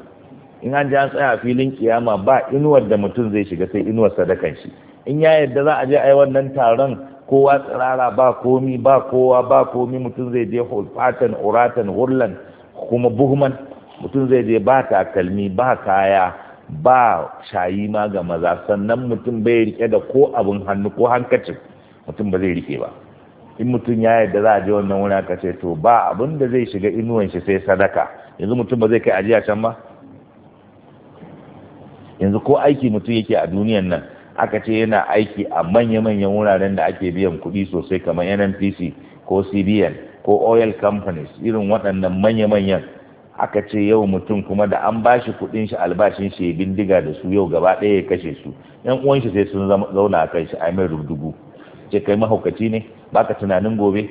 in an je an tsaya a filin kiyama ba inuwar da mutum zai shiga sai inuwar sadakan shi in ya yadda za a je a wannan taron kowa tsirara ba komi ba kowa ba komi mutum zai je hulfatan uratan hurlan kuma buhman mutum zai je ba takalmi ba kaya ba shayi ma ga maza sannan mutum bai rike da ko abin hannu ko hankacin mutum ba zai rike ba in mutum ya yadda za a je wannan wuri aka ce to ba abin da zai shiga inuwan shi sai sadaka yanzu mutum ba zai kai ajiya can ba yanzu ko aiki mutum yake a duniyan nan aka ce yana aiki a manya-manyan wuraren da ake biyan kuɗi sosai kamar nnpc ko cbn ko oil companies irin waɗannan manya-manyan aka ce yau mutum kuma da an ba shi kudin shi albashin shi ya bindiga da su yau gaba ɗaya ya kashe su yan uwan shi sai sun zauna a kan shi a mai rubdugu ce kai mahaukaci ne baka tunanin gobe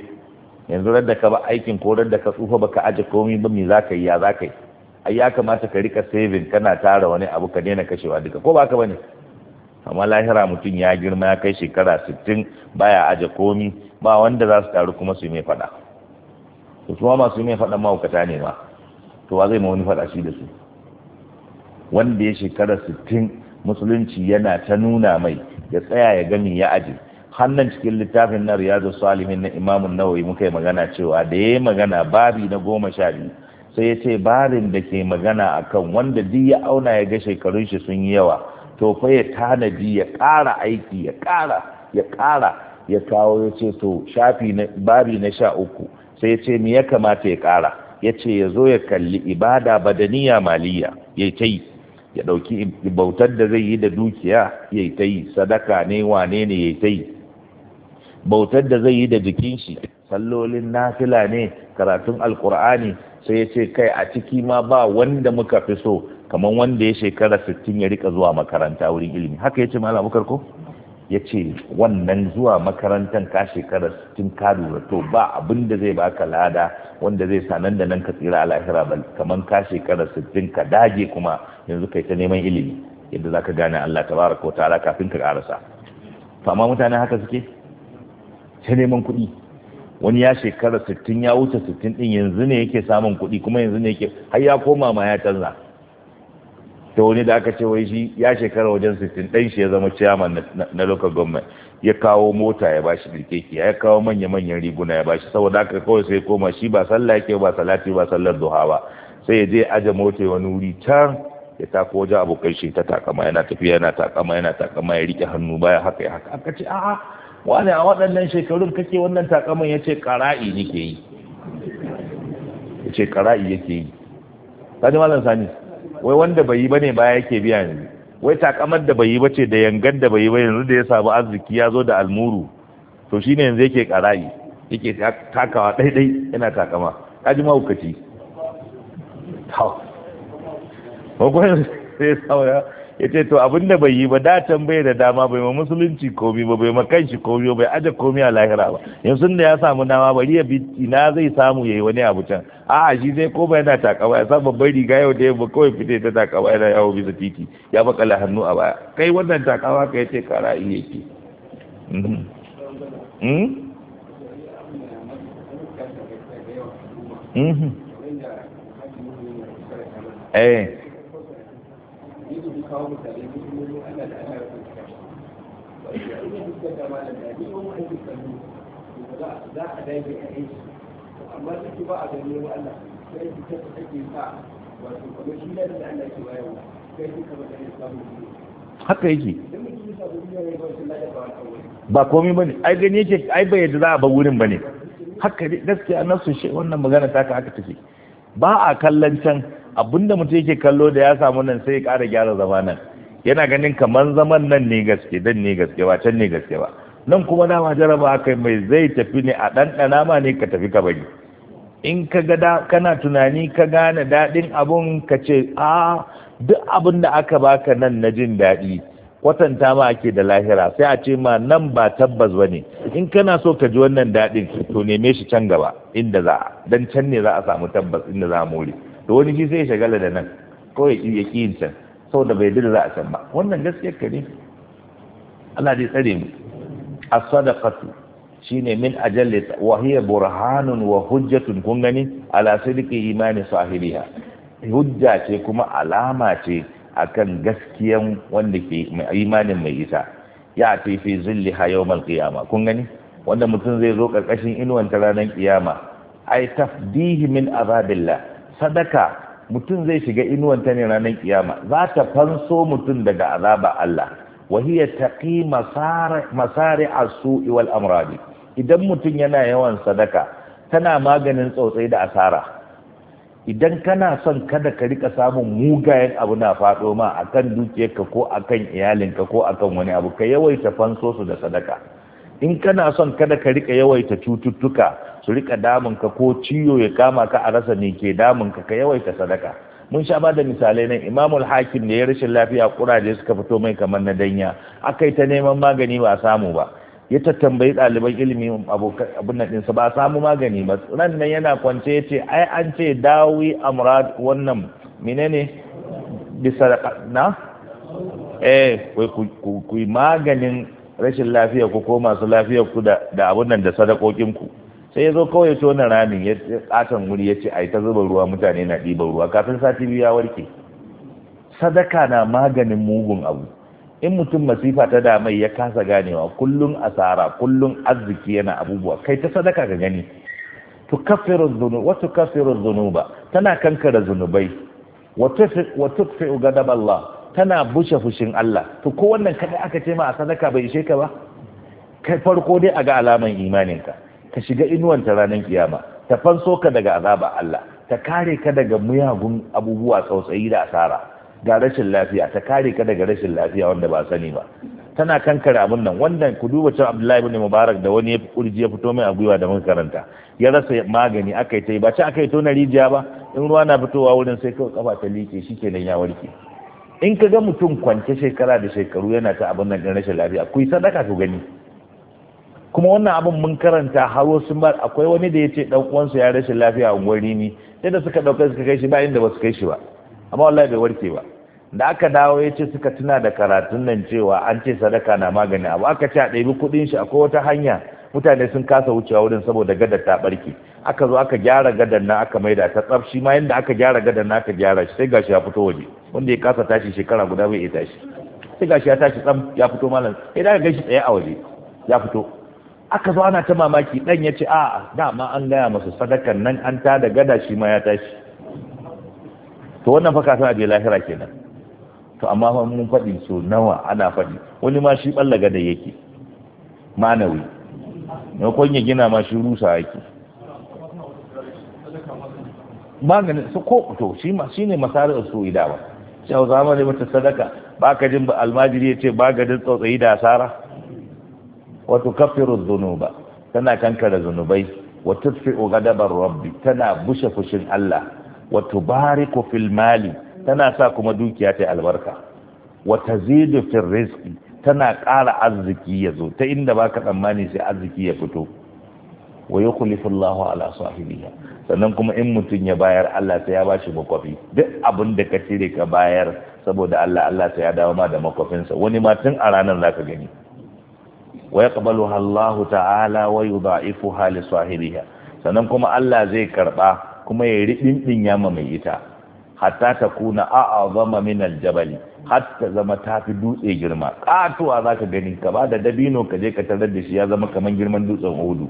yanzu da ka ba aikin ko da ka tsufa baka aje komai ba me zaka yi ya zaka yi ai ya kamata ka rika saving kana tara wani abu ka daina kashewa duka ko baka bane amma lahira mutum ya girma ya kai shekara sittin baya aje komi ba wanda za su taru kuma su yi mai fada su kuma masu yi mai fada mahaukata ne ma to wa zai ma wani faɗa shi da su wanda ya shekara sittin musulunci yana ta nuna mai ya tsaya ya gani ya aji hannun cikin littafin na riyadu salihin na imamun nawai muka yi magana cewa da ya yi magana babi na goma sha biyu sai ya ce barin da ke magana akan wanda duk ya auna ya ga shekarun shi sun yi yawa to fa ya tanadi ya kara aiki ya ƙara ya ƙara ya kawo ya ce to shafi babi na sha uku sai ya ce me ya kamata ya ƙara ya ce ya zo ya kalli ibada badaniya maliya ya ta yi ya ɗauki bautar da zai yi da dukiya ya ta yi sadaka ne wane ne ya ta yi bautar da zai yi da jikin shi sallolin nafila ne karatun alkur'ani sai ya ce kai a ciki ma ba wanda muka fi so kamar wanda ya shekara 60 ya rika zuwa makaranta wurin ilimi haka ya ce malam ko ya ce wannan zuwa makarantar ka shekara tun ka lura to ba abin da zai baka lada wanda zai sa nan da nan ka tsira al'ahira ba kamar ka shekara sittin ka dage kuma yanzu kai ta neman ilimi yadda zaka gane Allah tabaraka wa ta'ala kafin ka karasa to amma mutane haka suke ta neman kuɗi wani ya shekara sittin ya wuce sittin din yanzu ne yake samun kuɗi kuma yanzu ne yake har ya koma ma ya canza ta wani da aka ce wai shi ya shekara wajen 60 ɗan shi ya zama ciyaman na local government ya kawo mota ya bashi birkeki ya kawo manya-manyan riguna ya bashi saboda haka kawai sai koma shi ba sallah yake ba salati ba sallar duha ba sai ya je aje mota wani wuri can ya tako wajen abokan shi ta takama yana tafiya yana takama yana takama ya rike hannu baya haka ya haka aka ce a'a wani a waɗannan shekarun kake wannan takaman ya ce ƙara'i nake yi ya ce ƙara'i yake yi Sani ji malam sani wai wanda bai yi bane baya yake biya yanzu wai takamar da bai yi bace da yangan da bai yi ba yanzu da ya samu arziki ya zo da almuru to shine yanzu yake karayi yake takawa daidai yana takama kaji mahaukaci ko kuma sai sauya ya ce to abin da bai yi ba da tambaye da dama bai ma musulunci komi ba bai ma kanshi komi bai aje komi a lahira ba yanzu da ya samu dama bari ya bi ina zai samu yayi wani abu can a'a shi zai ko ba yana takawa. ya sa babbar riga yau da ba kawai fite ta takawa yana yawo bisa titi ya la hannu a baya kai wannan takaba ka ce kara iya ke mhm. mhm. mhm. eh kawo mutane musulmi Allah da ba shi an yi da da dadi ko mu aiki za a za dage a yi amma ba a gani wa Allah sai ta take sa wato kuma shi da Allah ke bayarwa sai kama da samu haka yake ba komai bane ai gani yake ai bai yadda za a ba wurin bane haka gaskiya shi wannan magana ta haka ba a kallon can abinda mutum yake kallo da ya samu nan sai ya ƙara gyara zama nan yana ganin kamar zaman nan ne gaske dan ne gaske ba can ne gaske ba nan kuma dama jaraba haka mai zai tafi ne a ɗanɗana ma ne ka tafi ka bari in ka ga kana tunani ka gane daɗin abun ka ce a duk abin da aka baka nan na jin daɗi kwatanta ma ake da lahira sai a ce ma nan ba tabbas ba ne in kana so ka ji wannan daɗin to neme shi can gaba inda za a don can ne za a samu tabbas inda za a more to wani shi sai shagala da nan kawai ya ƙi ya ƙi yin saboda bai bi a can ba wannan gaskiyar ka ne Ana dai tsare mu sadakatu shi shine min ajalli wa hiya burhanun wa hujjatun kun gani ala sidqi imani hujja ce kuma alama ce akan gaskiyan wanda ke imanin mai isa ya fi fi zilliha yawmal qiyama kun gani wanda mutum zai zo karkashin inuwan ta ranar kiyama ai tafdihi min azabillah sadaka mutum zai shiga inuwanta ne ranar kiyama za ta fanso mutum daga azaba Allah hiya taqi masari as-su'i wal amradi idan mutum yana yawan sadaka tana maganin tsotsai da asara idan kana son kada ka rika samun mugayen abu na faɗo ma akan dukiyarka ko akan iyalinka ko akan wani abu ka yawaita fanso su da sadaka in kana son kada ka rika yawaita cututtuka su rika damun ka ko ciwo ya kama ka a rasa ne ke damun ka ka yawaita sadaka mun sha ba da misalai nan imamul hakim da ya rashin lafiya kuraje suka fito mai kamar na danya akai ta neman magani ba samu ba ya tattambayi ɗaliban ilimi abin nan ba samu magani ba ran nan yana kwance ya ce ai an ce dawi amrad wannan menene bisa na eh ku maganin rashin lafiyar ku ko masu lafiyar ku da abun nan da sadakokin ku sai ya zo kawai to na ramin ya tsatan wuri ya ce ai ta zuba ruwa mutane na ɗiban ruwa kafin sati biyu ya warke sadaka na maganin mugun abu in mutum masifa ta da mai ya kasa ganewa kullum asara kullum arziki yana abubuwa kai ta sadaka ka gani kafiru dhunub wa tukaffiru dhunuba tana kankara zunubai wa wa tukfi Allah tana bushe fushin Allah to ko wannan kada aka ce ma a sadaka bai ishe ka ba kai farko dai a ga alaman imanin ka shiga inuwan ta ranar kiyama ta fanso ka daga azaba Allah ta kare ka daga muyagun abubuwa tsautsayi da asara ga rashin lafiya ta kare ka daga rashin lafiya wanda ba sani ba tana kankare abun nan wanda ku duba can Abdullahi ibn Mubarak da wani kurji ya fito mai a gwiwa da mun karanta ya rasa magani aka yi ta yi ba ci aka yi tona rijiya ba in ruwa na fitowa wurin sai kawai kafa ta liƙe shikenan ya warke in ka ga mutum kwance shekara da shekaru yana ta abin nan rashin lafiya ku yi sadaka ku gani kuma wannan abin mun karanta har wasu ba akwai wani da ya ce ɗan uwansa ya rashin lafiya a unguwar ni sai da suka ɗauka suka kai shi ba inda ba su kai shi ba amma wallahi bai warke ba da aka dawo ya ce suka tuna da karatun nan cewa an ce sadaka na magani abu aka ce a ɗabi kuɗin shi akwai wata hanya mutane sun kasa wucewa wurin saboda gadar ta barke aka zo aka gyara gadar na aka maida ta tsaf shi ma yanda aka gyara gadar na aka gyara shi sai gashi ya fito waje wanda ya kasa tashi shekara guda bai iya tashi sai gashi ya tashi tsam ya fito malam sai da gashi tsaye a waje ya fito aka zo ana ta mamaki dan ya ce a dama an gaya masa sadakan nan an ta da gada shi ma ya tashi to wannan fa kasan aje lahira kenan to amma mun faɗi so nawa ana faɗi wani ma shi balla gada yake manawi maimakon ya gina ma shi rusa ake ba ganin su ko to shi ma shine su ida ba shi hau zama ne mata sadaka ba ka jin ba almajiri ya ce ba ga jin tsautsayi da asara wato kafiru zunuba tana kankara zunubai wato tudfi'u ghadabar rabbi tana bushe fushin Allah wato bariko fil mali tana sa kuma dukiya ta albarka wata zidu fil rizqi tana ƙara arziki ya zo ta inda ba ka tsammani sai arziki ya fito wa yi kulifullahu ala sahibiya sannan kuma in mutum ya bayar Allah sai ya ba shi makwafi duk abin da ka cire ka bayar saboda Allah Allah sai ya dawo ma da makwafinsa wani ma tun a ranar za ka gani wa ya ƙabalu Allah ta'ala wa yi Ifu! hali sahibiya sannan kuma Allah zai karɓa kuma ya riɗin ɗin ya mai ita hatta ta kuna a'a zama min aljabali har ta zama ta fi dutse girma Ƙatuwa za ka gani ka ba da dabino ka je ka tarar da shi ya zama kamar girman dutsen hudu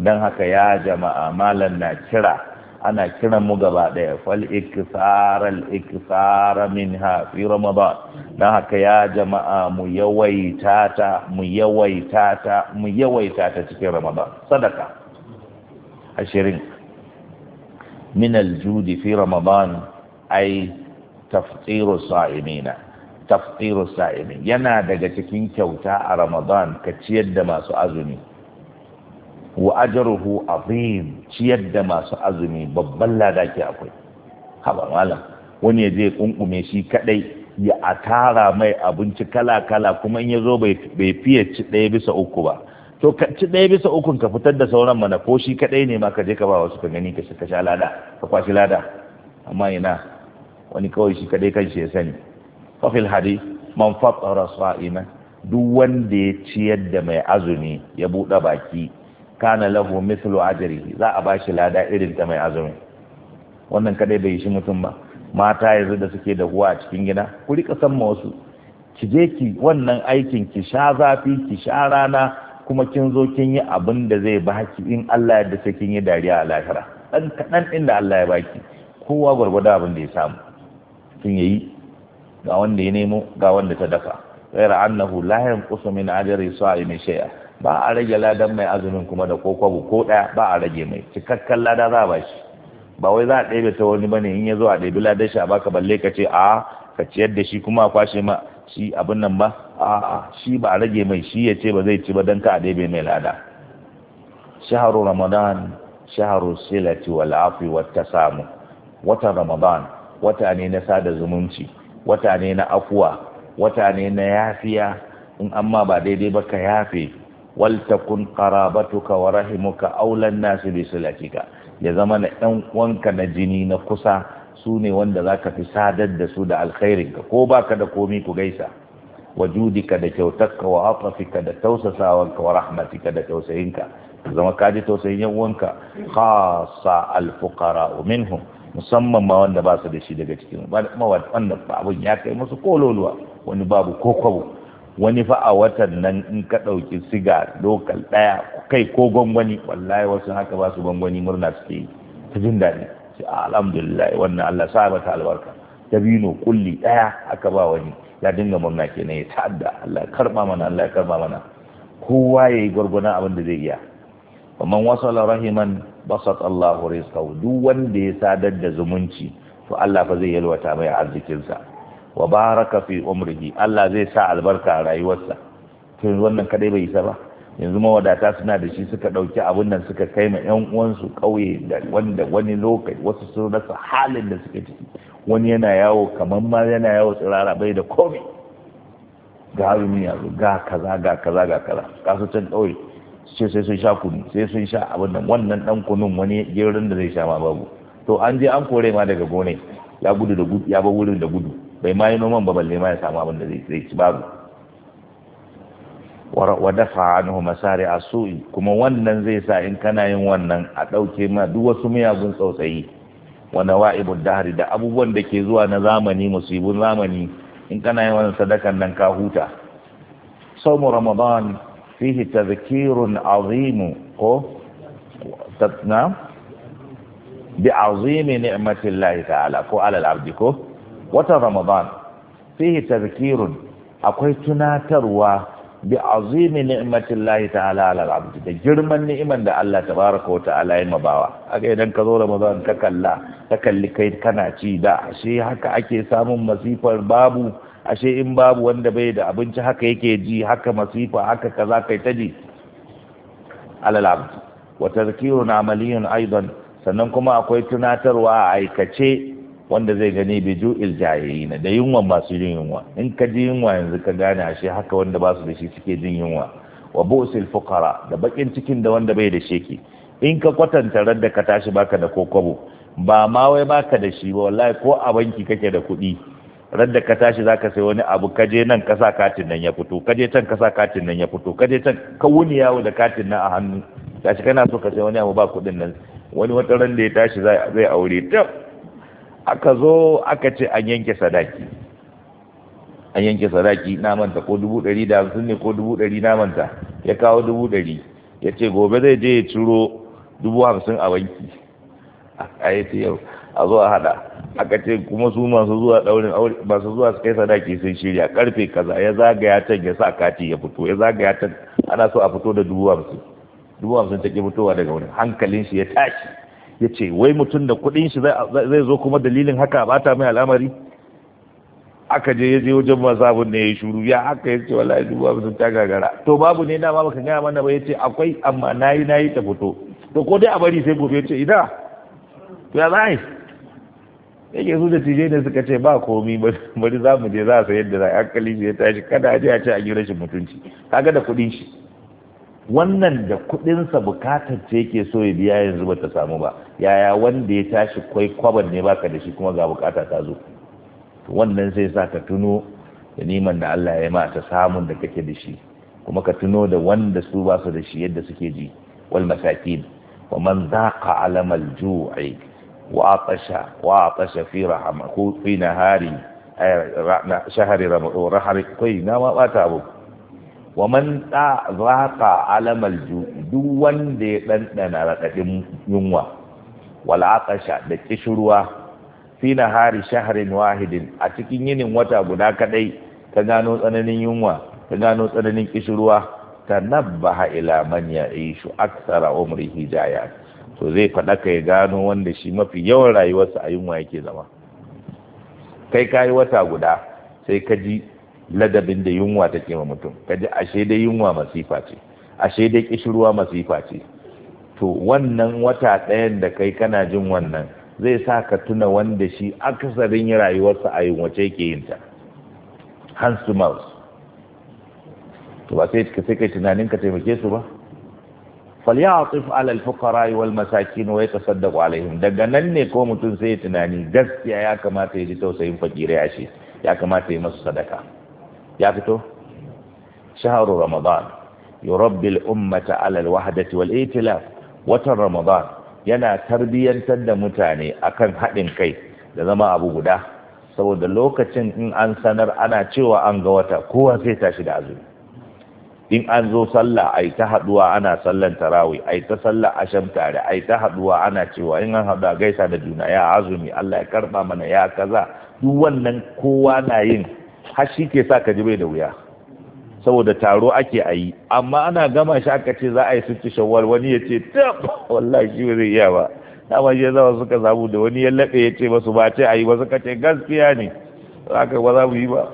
don haka ya jama'a malam na kira ana kiran mu gaba ɗaya fal ikisar al min ha fi ramadan don haka ya jama'a mu yawaita ta mu yawaita ta mu yawaita ta cikin ramadan sadaka ashirin min aljudi fi ramadan ai tafsiru sa'imina tafsiru sa'imin yana daga cikin kyauta a ramadan ka ciyar da masu azumi wa ajruhu azim ciyar da masu azumi babban lada ke akwai haba malam wani ya je kunkume shi kadai ya atara mai abinci kala kala kuma in ya zo bai fiye ci ɗaya bisa uku ba to ka ci ɗaya bisa uku ka fitar da sauran mana ko shi kadai ne ma ka je ka ba wasu ka gani ka sha lada ka kwashi lada amma ina wani kawai shi kadai kanshi ya sani fafil hadi man fatara sa'ima duk wanda ya ciyar da mai azumi ya buɗe baki kana lahu mithlu ajrihi za a bashi lada irin ta mai azumi wannan kadai bai shi mutum ba mata yanzu da suke da huwa a cikin gida ku rika san ma wasu ki je ki wannan aikin ki sha zafi ki sha rana kuma kin zo kin yi abin da zai baki in Allah ya dace kin yi dariya a lahira dan kadan inda Allah ya baki kowa gurgurda abin da ya samu mutum ya yi ga wanda ya nemo ga wanda ta daka ghaira annahu la yanqusu min ajri sa'imi shay'a ba a rage ladan mai azumin kuma da kokwabu ko daya ba a rage mai cikakken lada za ba shi ba wai za a ɗebe ta wani bane in ya zo a ɗebi ladan shi a baka balle ka ce a ka ciyar da shi kuma a kwashe ma shi abin nan ba a shi ba a rage mai shi ya ce ba zai ci ba dan ka a ɗebe mai lada shaharu ramadan shaharu silati wal afi wat tasamu watan ramadan wata ne na sada zumunci wata ne na afuwa wata ne na yafiya in amma ba daidai ba ka yafe waltakun qarabatuka wa rahimuka aulan nasu bi silatika ya zama na ɗan uwanka na jini na kusa su ne wanda za ka fi sadar da su da ka ko ba ka da komi ku gaisa wa judika da kyautarka wa atafika da tausasawanka wa rahmatika da tausayinka zama ka ji tausayin yan uwanka khassa al-fuqara minhum musamman ma wanda ba su da shi daga cikin wanda abin ya kai musu kololuwa wani babu ko kwabo wani fa a watan nan in ka ɗauki siga lokal ɗaya kai ko gwangwani wallahi wasu haka ba su gwangwani murna suke yi ta jin daɗi sai ah, alhamdulillah wannan Allah sa mata albarka dabino kulli ɗaya aka ba wani ya dinga murna kenan ya ta'adda Allah ya karɓa mana Allah ya karɓa mana kowa ya yi gwargwana abin da zai iya man wasala rahiman basat Allahu rizqahu duk wanda ya sadar da zumunci to Allah fa zai yalwata mai arzikinsa wa baraka fi umrihi Allah zai sa albarka a rayuwarsa to wannan kadai bai isa ba yanzu mawadata suna da shi suka ɗauki abin nan suka kai ma ƴan uwansu kauye da wanda wani lokaci wasu sun rasa halin da suke ciki wani yana yawo kamar ma yana yawo tsirara bai da komai ga harumi yanzu ga kaza ga kaza ga kaza kasu can kauye su ce sai sun sha kunu sai sun sha abin nan wannan dan kunun wani gerin da zai sha ma babu to an je an kore ma daga gonai, ya gudu da gudu ya bar wurin da gudu bai ma yi noman ba balle ma ya samu abin da zai ci babu wa dafa anhu masari asu'i kuma wannan zai sa in kana yin wannan a ɗauke ma duk wasu miyagun tsautsayi wa nawa'ibud dahri da abubuwan da ke zuwa na zamani musibun zamani in kana yin wannan sadakan nan ka huta Sau mu ramadan fihi tazkirun azimu ko ta'ala ko abdi ko ramadan fihi tazkirun akwai tunatarwa bi azimi ni'matillahi ta'ala ala al-abd da girman ni'iman da Allah tabaaraka wa ta'ala ya mabawa aga idan ka zo Ramadan ka kalla ka kalli kai kana ci da ashe haka ake samun masifar babu ashe in babu wanda bai da abinci haka yake ji haka masifa haka kaza kai ta ji ala al-abd wa tadhkirun amaliyun aidan sannan kuma akwai tunatarwa a aikace wanda zai gani bi ju'il jahilina da yunwa masu jin yunwa in ka ji yunwa yanzu ka gane ashe haka wanda ba su da shi suke jin yunwa wa bu'sil fuqara da bakin cikin da wanda bai da sheki in ka kwatanta radda ka tashi baka da kokobo ba ma wai baka da shi ba wallahi ko a banki kake da kuɗi radda ka tashi zaka sai wani abu ka je nan ka sa katin nan ya fito ka je can ka sa katin nan ya fito ka je can ka wuni yawo da katin nan a hannu gashi kana so ka sai wani abu ba kuɗin nan wani wata ran da ya tashi zai aure tab aka zo aka ce an yanke sadaki an yanke sadaki na manta ko dubu ɗari da hamsin ne ko dubu ɗari na manta ya kawo dubu ɗari ya ce gobe zai je ya ciro dubu hamsin a banki a yi ce yau a zo a haɗa aka ce kuma su masu zuwa ɗaurin aure masu zuwa su kai sadaki sun shirya karfe kaza ya zagaya can ya sa kati ya fito ya zagaya can ana so a fito da dubu hamsin dubu hamsin ta ke fitowa daga wani hankalin shi ya tashi ya ce wai mutum da kudin shi zai zo kuma dalilin haka ba ta mai al'amari aka je ya je wajen masu abin da ya yi shuru ya aka yi ce wala duba mutum ta gagara to babu ne dama baka gaya mana ba ya ce akwai amma nayi nayi ta fito to ko dai a bari sai gobe ya ce ina to ya zai yake su da tije ne suka ce ba komi bari za mu je za a sayar da za a kalli ya tashi kada a a ce a gina shi mutunci kaga da kudin shi wannan da kudinsa bukatar ce yake so ya biya yanzu bata samu ba yaya wanda ya tashi kwai kwaban ne baka da shi kuma ga bukata ta zo wannan sai sa ka tuno da niman da Allah ya ma ta samun da kake da shi kuma ka tuno da wanda su ba su da shi yadda suke ji wal masakin wa man zaqa alamal ju'i wa atasha wa atasha fi rahmahu fi nahari ay shahri ramadan rahari kai na ma bata abu wa man ta zaqa alamal duk wanda ya dandana radadin yunwa wal aqasha da kishruwa fi nahari shahrin wahidin a cikin yinin wata guda kadai ta gano tsananin yunwa ka gano tsananin kishruwa tanabbaha ila man ya'ishu aktsara umrihi jayat to zai faɗa ka ya gano wanda shi mafi yawan rayuwarsa a yunwa yake zama kai kayi wata guda sai ka ji ladabin da yunwa ta ma mutum kaji ashe dai yunwa masifa ce ashe dai kishirwa masifa ce to wannan wata ɗayan da kai kana jin wannan zai sa ka tuna wanda shi akasarin rayuwarsa a wace ke yin ta hands to mouth to ba sai ka sai kai tunanin ka taimake su ba falyatif alal fuqara wal masakin wa yatasaddaqu alaihim daga nan ne ko mutum sai tunani gaskiya ya kamata ya ji tausayin fakirai shi ya kamata ya masu sadaka ya fito shaharu ramadan yurabbil ummata ala alwahdati wal itilaf watan ramadan yana tarbiyantar da mutane akan haɗin kai da zama abu guda saboda lokacin in an sanar ana cewa an ga wata kowa sai tashi da azumi in an zo sallah ai ta haduwa ana sallan tarawi ai ta sallah asham tare ai ta haduwa ana cewa in an haɗu a gaisa da juna ya azumi Allah ya karba mana ya kaza duk wannan kowa na yin har shi ke sa ka ji bai da wuya saboda taro ake a yi amma ana gama shi aka ce za a yi ci shawar wani ya ce tab wallahi shi zai iya ba dama shi zama suka samu da wani ya laɓe ya ce masu ba ce a yi ba suka ce gaskiya ne ka ba za mu yi ba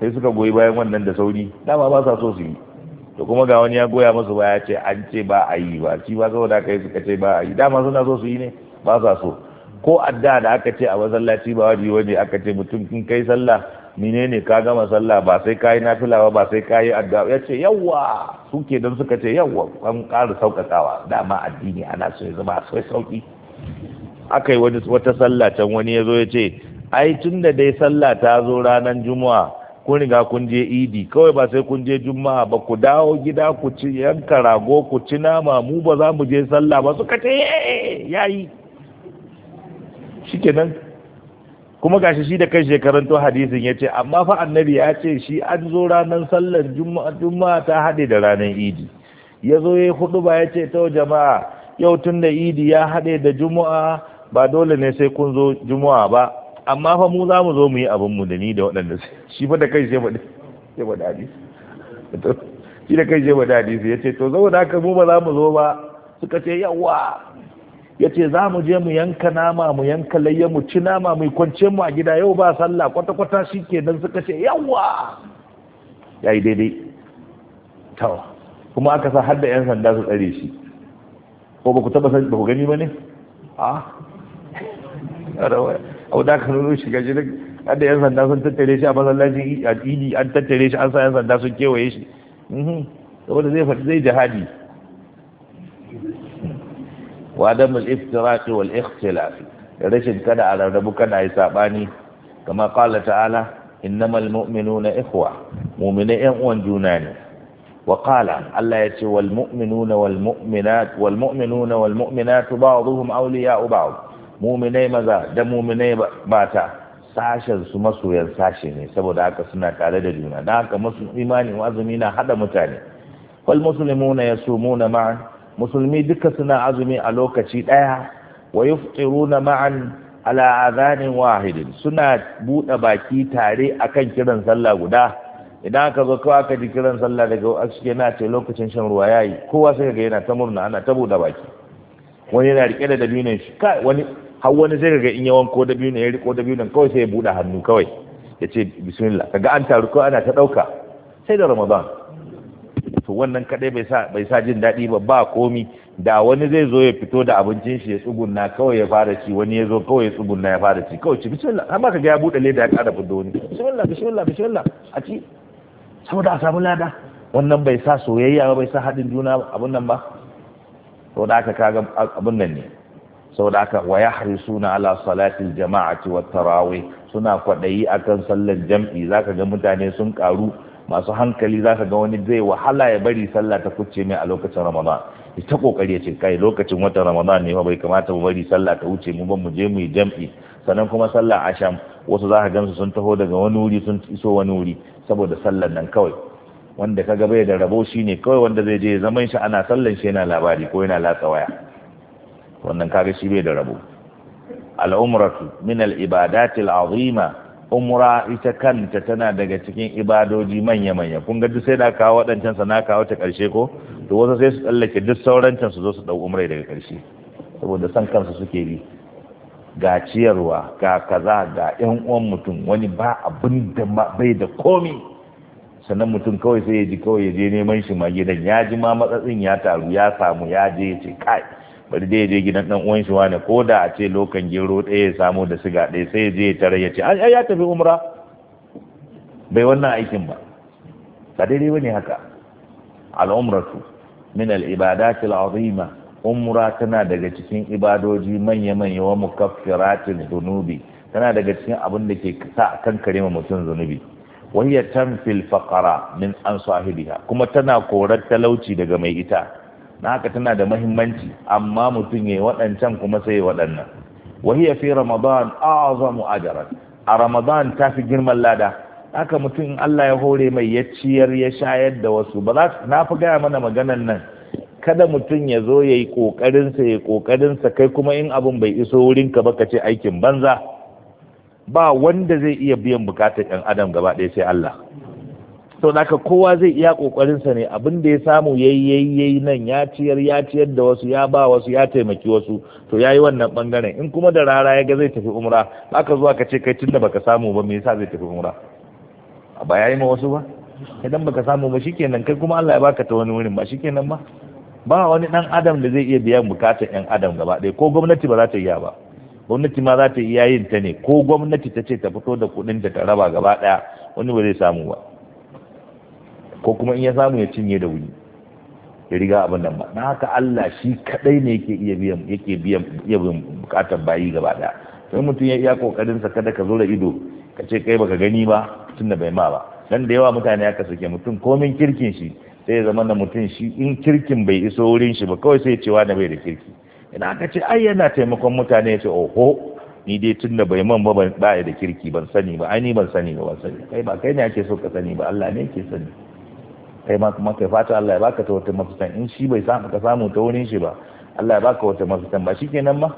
sai suka goyi bayan wannan da sauri dama ba sa so su yi to kuma ga wani ya goya masu baya ce an ce ba a yi ba shi ba saboda aka yi suka ce ba a yi dama suna so su yi ne ba sa so ko adda da aka ce a masallaci ba wajibi wani aka ce mutum kin kai sallah Mine ne ka gama sallah ba sai kayi nafila ba ba sai kayi addu'a ya ce yawa suke don suka ce yawa an ƙara sauƙaƙawa dama addini ana so ya zama sai sauƙi aka yi wata sallah can wani ya zo ya ce ai tun da dai sallah ta zo ranar juma'a kun riga kun je idi kawai ba sai kun je juma'a ba ku dawo gida ku ci yanka rago ku ci nama mu ba za mu je sallah ba suka ce eh, eh, eh, yayi shikenan kuma gashi shi da shekarun to hadisin ya ce amma fa annabi ya ce shi an zo ranar sallar juma'a ta haɗe da ranar idi ya zo ya hudu ba ya ce ta jama'a yau tun da idi ya haɗe da juma'a ba dole ne sai kun zo juma'a ba amma fa mu za mu zo mu yi abin mu da ni da waɗanda shi fa da kai sai faɗi sai ba hadisi shi da kai sai dadi sai ya ce to saboda haka mu ba za mu zo ba suka ce yawa ya ce za mu je mu yanka nama mu yanka layya mu ci nama mu kwance mu a gida yau ba sallah kwata-kwata shi ke nan suka ce yawa ya yi daidai tawa kuma aka sa har da 'yan sanda su tsare shi ko ba ku taba san ba ku gani ba ne a abu da aka nuno shiga shi har da 'yan sanda sun tattare shi a masallacin a idi an tattare shi an sa 'yan sanda sun kewaye shi mhm. saboda zai faɗi zai jihadi wa adam al-iftiraq wal ikhtilaf rashin kada a rarrabu kada yi saɓani. kama qala ta'ala innamal mu'minuna ikhwa mu'mina yan uwan juna ne wa Allah ya ce wal mu'minuna wal mu'minat wal mu'minuna wal mu'minat mu'minai maza da mu'minai bata sashen su masoyan sashe ne saboda haka suna tare da juna Na haka musu imani wazumi na hada mutane wal muslimuna yasumuna ma'a musulmi duka suna azumi a lokaci ɗaya wa yufṭiruna ma'an ala adhanin wahidin suna buɗe baki tare akan kiran sallah guda idan aka zo kawai aka ji kiran sallah daga suke na ce lokacin shan ruwa yayi kowa sai ga yana ta murna ana ta buɗe baki wani yana rike da dabinin shi kai wani har wani sai ga in ya wanko dabinin ya riko dabinin kawai sai ya buɗe hannu kawai ya ce bismillah kaga an taru ko ana ta ɗauka sai da ramadan to wannan kadai bai sa bai sa jin daɗi ba ba komi da wani zai zo ya fito da abincin shi ya tsugunna kawai ya fara ci wani ya zo kawai ya tsugunna ya fara ci kawai ci bismillah amma kaga ya bude leda ya kada fito wani bismillah bismillah bismillah a ci saboda a samu lada wannan bai sa soyayya ba bai sa haɗin juna abun nan ba saboda haka kaga abun nan ne saboda haka wa yahrisuna ala salatil jama'ati wat tarawih suna kwadayi akan sallar jam'i zaka ga mutane sun karu masu hankali za ka ga wani zai wahala ya bari sallah ta kucce mai a lokacin ramadan Ita kokari ya ce kai lokacin watan ramadan ne ma bai kamata mu bari sallah ta wuce mu ban mu je mu yi jam'i sannan kuma sallah asham wasu za ka gansu sun taho daga wani wuri sun iso wani wuri saboda sallar nan kawai wanda ka ga bai da rabo shine kawai wanda zai je zaman shi ana sallan shi yana labari ko yana latsa waya wannan kaga shi bai da rabo al'umratu min al ibadatil azima umra ita kanta tana daga cikin ibadoji manya-manya kun ga duk sai da kawo waɗancan sana kawo ta ƙarshe ko to wasu sai su tsallake duk saurancan su zo su ɗau umrai daga ƙarshe saboda san kansu suke bi ga ciyarwa ga kaza ga ƴan uwan mutum wani ba abin da bai da komi sannan mutum kawai sai ya ji kawai ya je neman shi ma gidan ya ji ma matsatsin ya taru ya samu ya je ya ce kai bari dai je gidan dan uwan shi wani ko da a ce lokan gero ɗaya ya samu da siga ɗaya sai je ya tare ya ce ai ya tafi umra bai wannan aikin ba ba daidai bane haka al'umratu min al-ibadat azima umra tana daga cikin ibadoji manya-manya wa mukaffiratin zunubi tana daga cikin abin da ke sa kan kare mutum zunubi wahiya fil faqara min an kuma tana korar talauci daga mai ita na haka tana da mahimmanci amma mutum ya waɗancan kuma sai waɗannan wahiya fi ramadan azamu ajran a ramadan ta fi girman lada haka mutum Allah ya hore mai ya ciyar ya shayar da wasu ba za na fi gaya mana maganan nan kada mutum ya zo ya yi ƙoƙarinsa ya ƙoƙarinsa kai kuma in abun bai iso wurinka ba ka ce aikin banza ba wanda zai iya biyan bukatar ɗan adam gaba ɗaya sai Allah to naka kowa zai iya kokarinsa ne abin da ya samu yayi yayi yayi nan ya ciyar ya ciyar da wasu ya ba wasu ya taimaki wasu to yayi wannan bangaren in kuma da rara ya ga zai tafi umra aka zuwa ka ce kai tunda baka samu ba me yasa zai tafi umra ba yayi ma wasu ba idan baka samu ba shikenan kai kuma Allah ya baka ta wani wurin ba shikenan ba ba wani dan adam da zai iya biyan bukatun yan adam gaba ɗaya ko gwamnati ba za ta iya ba gwamnati ma za ta iya yin ta ne ko gwamnati ta ce ta fito da kuɗin da ta raba gaba ɗaya wani ba zai samu ba ko kuma in ya samu ya cinye da wuni ya riga abin nan ba na haka Allah shi kadai ne yake iya biyan yake biyan iya biyan bukatar bayi gaba daya sai mutum ya iya kokarin sa kada ka zo da ido ka ce kai baka gani ba tun da bai ma ba dan da yawa mutane aka suke mutum komin kirkin shi sai ya zama da mutum shi in kirkin bai iso wurin shi ba kawai sai ya cewa da bai da kirki idan aka ce ai yana taimakon mutane ya ce oho ni dai tun da bai man ba ba da kirki ban sani ba ai ni ban sani ba ban sani kai ba kai ne ake so ka sani ba Allah ne yake sani kai ma kuma kai fata Allah ya baka ta wata mafitan in shi bai samu ka samu ta wurin shi ba Allah ya baka wata mafitan ba shi kenan ba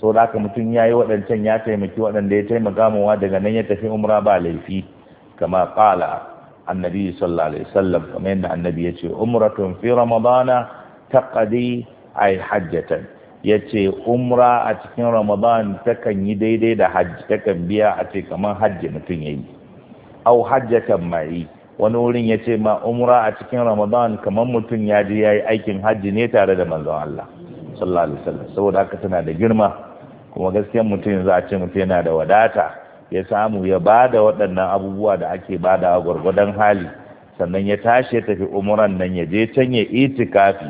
so da haka mutum ya yi waɗancan ya taimaki waɗanda ya taimaka mawa daga nan ya tafi umra ba laifi kama qala annabi sallallahu alaihi wasallam kamar yadda annabi ya ce umratun fi ramadana taqdi ay hajjatan ya ce umra a cikin ramadan kan yi daidai da hajji ta kan biya a ce kamar hajji mutum ya yi au hajjatan mai wani wurin ya ce ma umra a cikin ramadan kamar mutum ya je ya yi aikin hajji ne tare da manzon Allah sallallahu alaihi wasallam saboda haka tana da girma kuma gaskiya mutum za a ce mutum yana da wadata ya samu ya ba da waɗannan abubuwa da ake ba da gwargwadon hali sannan ya tashi ya tafi umuran nan ya je can ya itikafi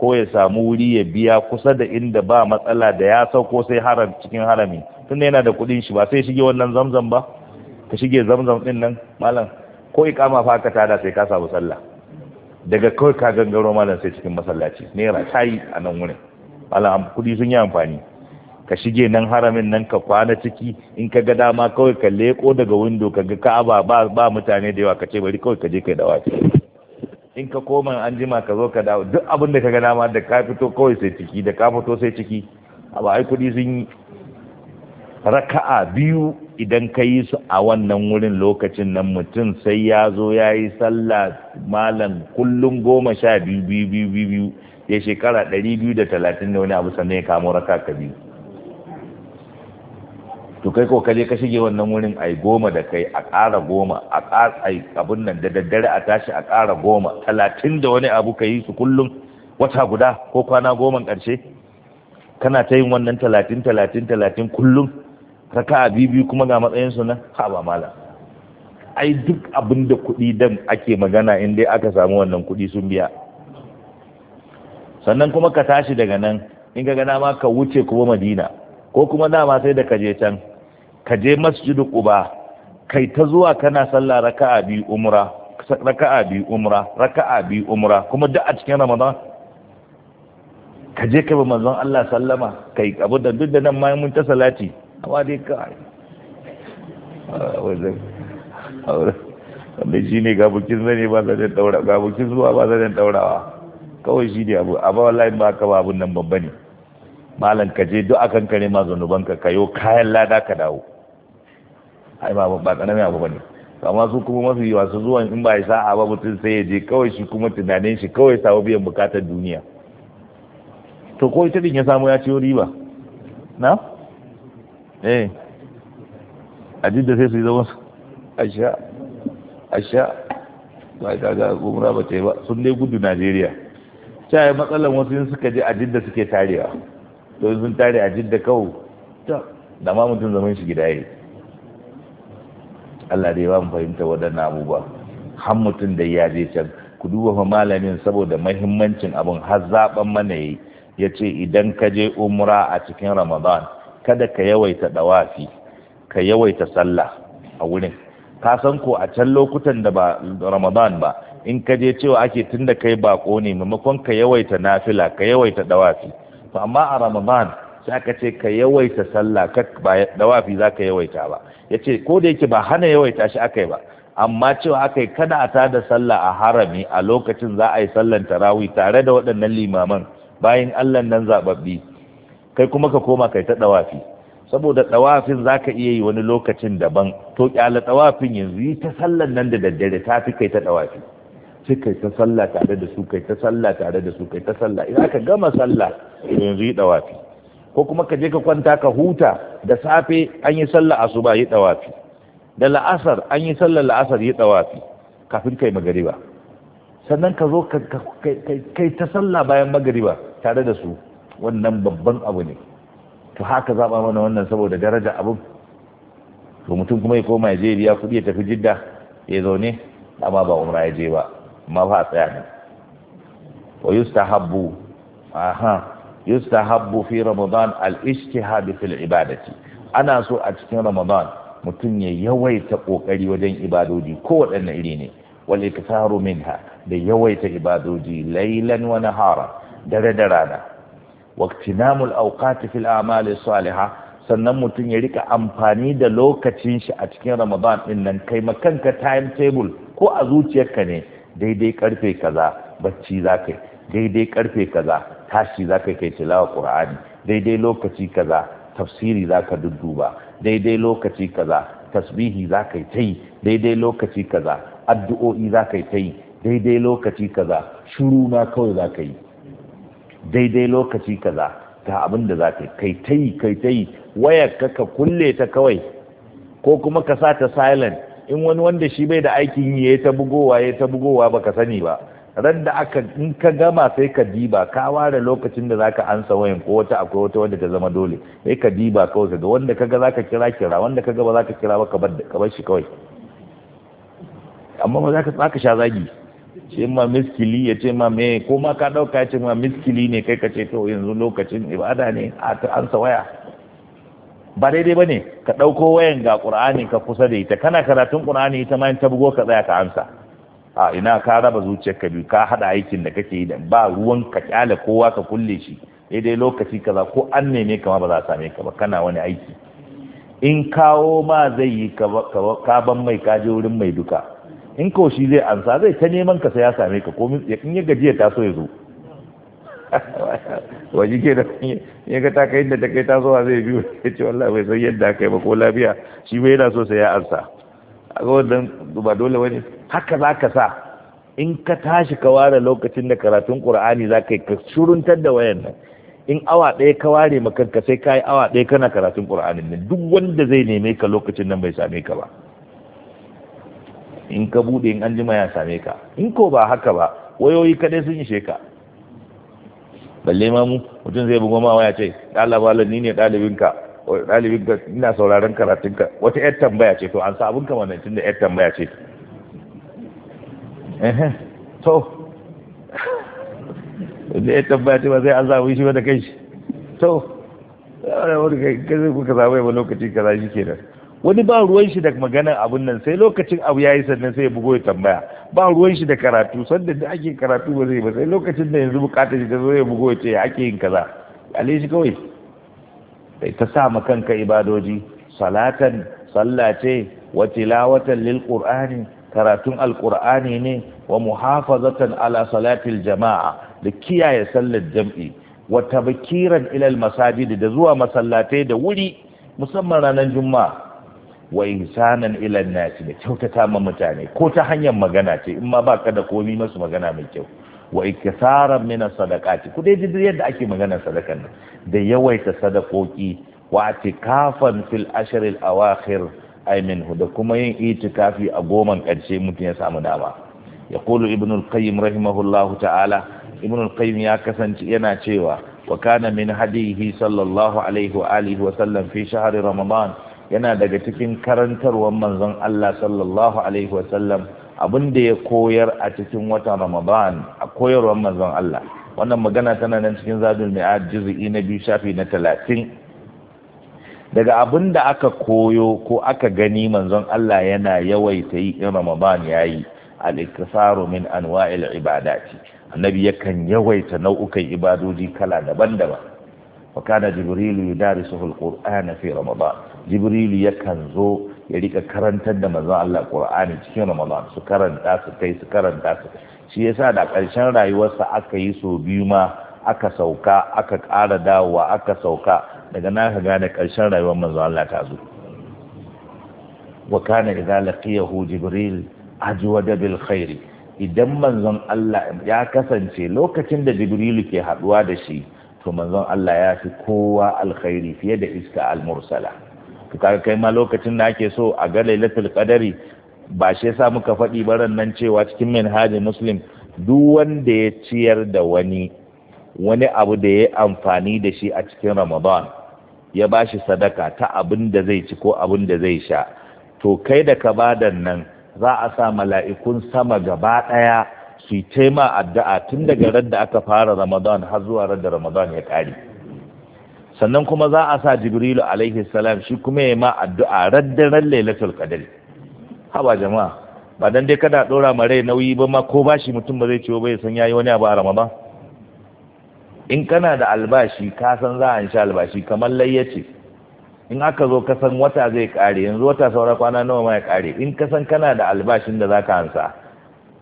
ko ya samu wuri ya biya kusa da inda ba matsala da ya sauko sai haram cikin harami tunda yana da kuɗin shi ba sai shige wannan zamzam ba ka shige zamzam ɗin nan malam ko ikama fa ka tada sai ka samu sallah daga kawai ka gangaro malam sai cikin masallaci naira ta yi a nan wurin malam kudi sun yi amfani ka shige nan haramin nan ka kwana ciki in ka ga dama kawai ka leko daga windo ka ga ka'aba ba ba mutane da yawa ka ce bari kawai ka je kai dawaci in ka koma an jima ka zo ka dawo duk abin da ka ga dama da ka fito kawai sai ciki da ka fito sai ciki a ai kudi sun yi raka'a biyu idan ka yi su a wannan wurin lokacin nan mutum sai ya zo ya yi sallah malam kullum goma sha biyu biyu biyu biyu biyu ya shekara ɗari biyu da talatin da wani abu sannan ya kamo raka ka biyu to kai ko kaje ka shige wannan wurin ai goma da kai a ƙara goma a ƙara ai abun nan da daddare a tashi a ƙara goma talatin da wani abu ka yi su kullum wata guda ko kwana goma ƙarshe kana ta yin wannan talatin talatin talatin kullum raka a bibi kuma ga matsayin su na haba mala ai duk abin da kuɗi dan ake magana in dai aka samu wannan kuɗi sun biya sannan kuma ka tashi daga nan in ga gana ma ka wuce kuma madina ko kuma dama sai da ka je can ka je masjidu quba kai ta zuwa kana sallah raka'a bi umra raka'a bi umra raka'a bi umra kuma duk a cikin ramadan ka je ka bi manzon Allah sallama kai abu da duk da nan ma mun ta salati amma dai kawai wanda shi ne gabukin zane ba zanen daura gabukin zuwa ba zanen daurawa kawai shi ne abu abu wallahi ba ka ba abun nan babba ne malam ka je duk akan kare ma zanuban ka kayo kayan lada ka dawo ai ba ba abu abu bane amma su kuma mafi wasu zuwan in ba ya sa'a ba mutum sai ya je kawai shi kuma tunanin shi kawai samu biyan bukatar duniya to ko ita din ya samu ya ciyo riba na eh a jidda sai su yi zama a sha a sha ba ta ga umra ba ta yi ba sun dai gudu najeriya ta yi matsalar wasu yin suka je a jidda suke tarewa to sun tare a jidda kawo ta da ma mutum zaman shi gida yi Allah dai ba mu fahimta waɗannan abubuwa har mutum da ya je can ku duba fa malamin saboda mahimmancin abin har zaben mana ya ce idan ka je umra a cikin ramadan kada ka yawaita dawafi ka yawaita sallah a wurin ka san ko a can lokutan da ba ramadan ba in ka je cewa ake tunda kai bako ne maimakon ka yawaita nafila ka yawaita dawafi to amma a ramadan sai aka ce ka yawaita sallah ka ba dawafi za ka yawaita ba yace ko da yake ba hana yawaita shi akai ba amma cewa aka kada a tada sallah a harami a lokacin za a yi sallan tarawih tare da waɗannan limaman bayan allah nan zababbi kai kuma ka koma kai ta dawafi saboda dawafin zaka iya yi wani lokacin daban to kyala dawafin yanzu yi ta sallar nan da daddare ta fi kai ta dawafi sai kai ta sallah tare da su kai ta sallah tare da su kai ta sallah idan ka gama sallah yanzu yi dawafi ko kuma ka je ka kwanta ka huta da safe an yi sallah asuba yi dawafi da la'asar an yi sallar la'asar yi dawafi kafin kai magariba sannan ka zo kai ta sallah bayan magariba tare da su wannan babban abu ne to haka zaba mana wannan saboda daraja abin to mutum kuma ya koma ya je biya kuɗi ya tafi jidda ya zaune amma ba umra ya je ba amma ba tsaya ne wa yustahabbu aha yustahabbu fi ramadan al-ijtihad fil ibadati ana so a cikin ramadan mutum ya yawaita kokari wajen ibadoji ko waɗanne iri ne wal iktaru minha da yawaita ibadoji laylan wa nahara dare da rana waqtinamul awqati fil a'mali salihah sannan mutum ya rika amfani da lokacin shi a cikin ramadan din nan kai makanka time table ko a zuciyarka ne daidai karfe kaza bacci za kai daidai karfe kaza tashi za kai tilawa qur'ani daidai lokaci kaza tafsiri za ka dudduba daidai lokaci kaza tasbihi za ka ta yi daidai lokaci kaza addu'o'i za ka ta yi daidai lokaci kaza shuru na kawai za ka yi daidai lokaci kaza ga abin da za ka kai ta yi kai ta yi wayar ka ka kulle ta kawai ko kuma ka sa ta silent in wani wanda shi bai da aikin yi ya ta bugowa ya ta bugowa baka sani ba ran da aka in ka gama sai ka diba ka ware lokacin da zaka ansa wayan ko wata akwai wata wanda ta zama dole sai ka diba kawai ga wanda kaga zaka kira kira wanda kaga ba zaka kira ba ka bar shi kawai amma ba zaka tsaka sha zagi ce ma miskili ya ce ma me ko ma ka dauka ya ce ma miskili ne kai ka ce to yanzu lokacin ibada ne a an sa waya ba daidai bane ka dauko wayan ga qur'ani ka kusa da ita kana karatun qur'ani ita ma in ta bugo ka tsaya ka ansa. a ina ka raba zuciyar ka biyu ka haɗa aikin da kake yi da ba ruwan ka kyale kowa ka kulle shi daidai lokaci kaza ko an neme ka ma ba za a same ka ba kana wani aiki in kawo ma zai yi ka ban mai kaje wurin mai duka in ko shi zai ansa zai ta neman ka sai ya same ka ko in ya gajiya ta so ya zo [laughs] waje ke da ya ga ta kai da kai ta zuwa zai biyu ya ce wallahi bai san yadda kai ba ko lafiya shi bai yana so sai ya ansa a ga wannan ba dole wani haka za ka sa in ka tashi ka ware lokacin da karatun qur'ani za ka yi ka shuruntar da wayan nan in awa ɗaya ka ware ka sai ka yi awa ɗaya kana karatun qur'anin nan duk wanda zai neme ka lokacin nan bai same ka ba in ka bude in an jima ya same ka in ko ba haka ba wayoyi kadai sun ishe ka balle ma mu mutum zai bugo ma waya ce ɗalaba ni ne ɗalibinka dalibin ka ina sauraron ka wata yar tambaya ce to an sa ka wannan tunda yar tambaya ce to da yar tambaya ce ba sai an zaɓi shi wata kai shi to ya wani kai kai kuka zaɓe ba lokaci kaza shi kenan wani ba ruwan shi da maganar abun nan sai lokacin abu yayi sannan sai ya bugo ya tambaya ba ruwan shi da karatu sanda da ake karatu ba zai ba sai lokacin da yanzu bukatar shi ta zo ya bugo ya ce ake yin kaza alai shi kawai kai ta sa ma kanka ibadoji salatan sallah ce wa tilawatan lil qur'ani karatun alqur'ani ne wa muhafazatan ala salatil jama'a da kiyaye sallar jam'i wa tabkiran ila al masajid da zuwa masallatai da wuri musamman ranar juma'a wa ihsanan ila nasi da kyautata ma mutane ko ta hanyar magana ce in ma baka da komi masu magana mai kyau wa ikisaran mina sadakati ku dai yadda ake magana sadakan nan da yawaita sadakoki wa atikafan fil ashr al awakhir ay minhu da kuma yin itikafi a goman karshe mutum ya samu dama yaqulu ibn al qayyim rahimahullahu ta'ala ibn al qayyim ya kasance yana cewa wa kana min hadihi sallallahu alaihi wa alihi wa sallam fi shahr ramadan yana daga cikin karantarwar manzon Allah sallallahu alaihi wasallam abin da ya koyar a cikin watan Ramadan a koyarwar manzon Allah wannan magana tana nan cikin zadul mi'ad juz'i na biyu shafi na talatin daga abin da aka koyo ko aka gani manzon Allah yana yawaita yi in Ramadan yayi al-iktisaru min anwa'il ibadati annabi yakan yawaita nau'ukan ibadoji kala daban-daban wa kana jibril yudarisuhu al-qur'ana fi ramadan jibrilu yakan zo ya rika karantar da manzon Allah Qur'ani cikin Ramadan su karanta su kai su karanta su shi yasa da ƙarshen rayuwarsa aka yi so biyu ma aka sauka aka ƙara dawowa aka sauka daga na ka gane ƙarshen rayuwar manzon Allah ta zo wa kana idza laqiyahu jibril ajwada bil khairi idan manzon Allah ya kasance lokacin da jibrilu ke haɗuwa da shi to manzon Allah ya fi kowa alkhairi fiye da iska al-mursala to kaga kai ma lokacin da ake so a ga lailatul qadari ba shi yasa muka faɗi baran nan cewa cikin manhajin muslim duk wanda ya ciyar da wani wani abu da ya amfani da shi a cikin ramadan ya ba shi sadaka ta abin da zai ci ko abin da zai sha to kai da ka badan nan za a sa mala'ikun sama gaba ɗaya su yi taima addu'a tun daga da aka fara ramadan har zuwa da ramadan ya ƙare sannan kuma za a sa jibrilu alaihi salam shi kuma ya ma addu'a raddaren lailatul qadr haba jama'a ba dan dai kada dora ma rai nauyi ba ma ko bashi mutum ba zai ciwo ba ya san yayi wani abu a ramadan in kana da albashi ka san za a sha albashi kamar layyace in aka zo ka san wata zai kare yanzu wata saura kwana nawa ma ya kare in san kana da albashin da zaka ansa,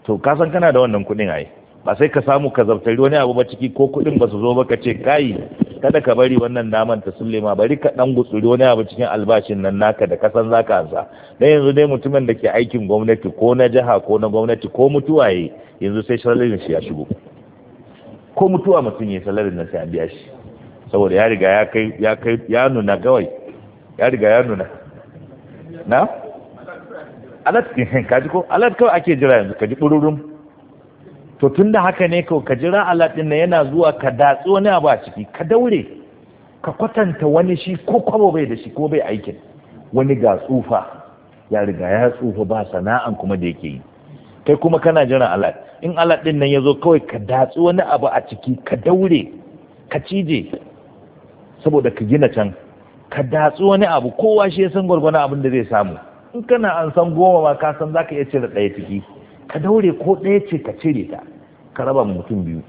to ka san kana da wannan kudin ai ba sai ka samu ka zartari wani abu ba ciki ko kuɗin ba su zo ba ka ce kai kada ka bari wannan naman ta sulle ma bari ka dan gutsuri wani abu cikin albashin nan naka da kasan zaka ansa dan yanzu dai mutumin da ke aikin gwamnati ko na jiha ko na gwamnati ko mutuwa yi yanzu sai salarin shi ya shigo ko mutuwa mutum ya salarin nan sai a biya shi saboda ya riga ya kai ya kai ya nuna gawai ya riga ya nuna na alat [laughs] kaji ko alat kawai ake jira yanzu kaji bururum to tun da haka ne ka jira Allah na yana zuwa ka datsi wani abu a ciki ka daure ka kwatanta wani shi ko kwabo bai da shi ko bai aikin wani ga tsufa ya riga ya tsufa ba sana'an kuma da yake yi kai kuma kana jiran Allah in Allah ɗin nan ya zo kawai ka datsi wani abu a ciki ka daure ka cije saboda ka gina can ka datsu wani abu kowa shi ya san gwargwana abin da zai samu in kana an san goma ma ka san zaka iya cire ɗaya ciki ka daure ko ɗaya ce ka cire ta ka raba mutum biyu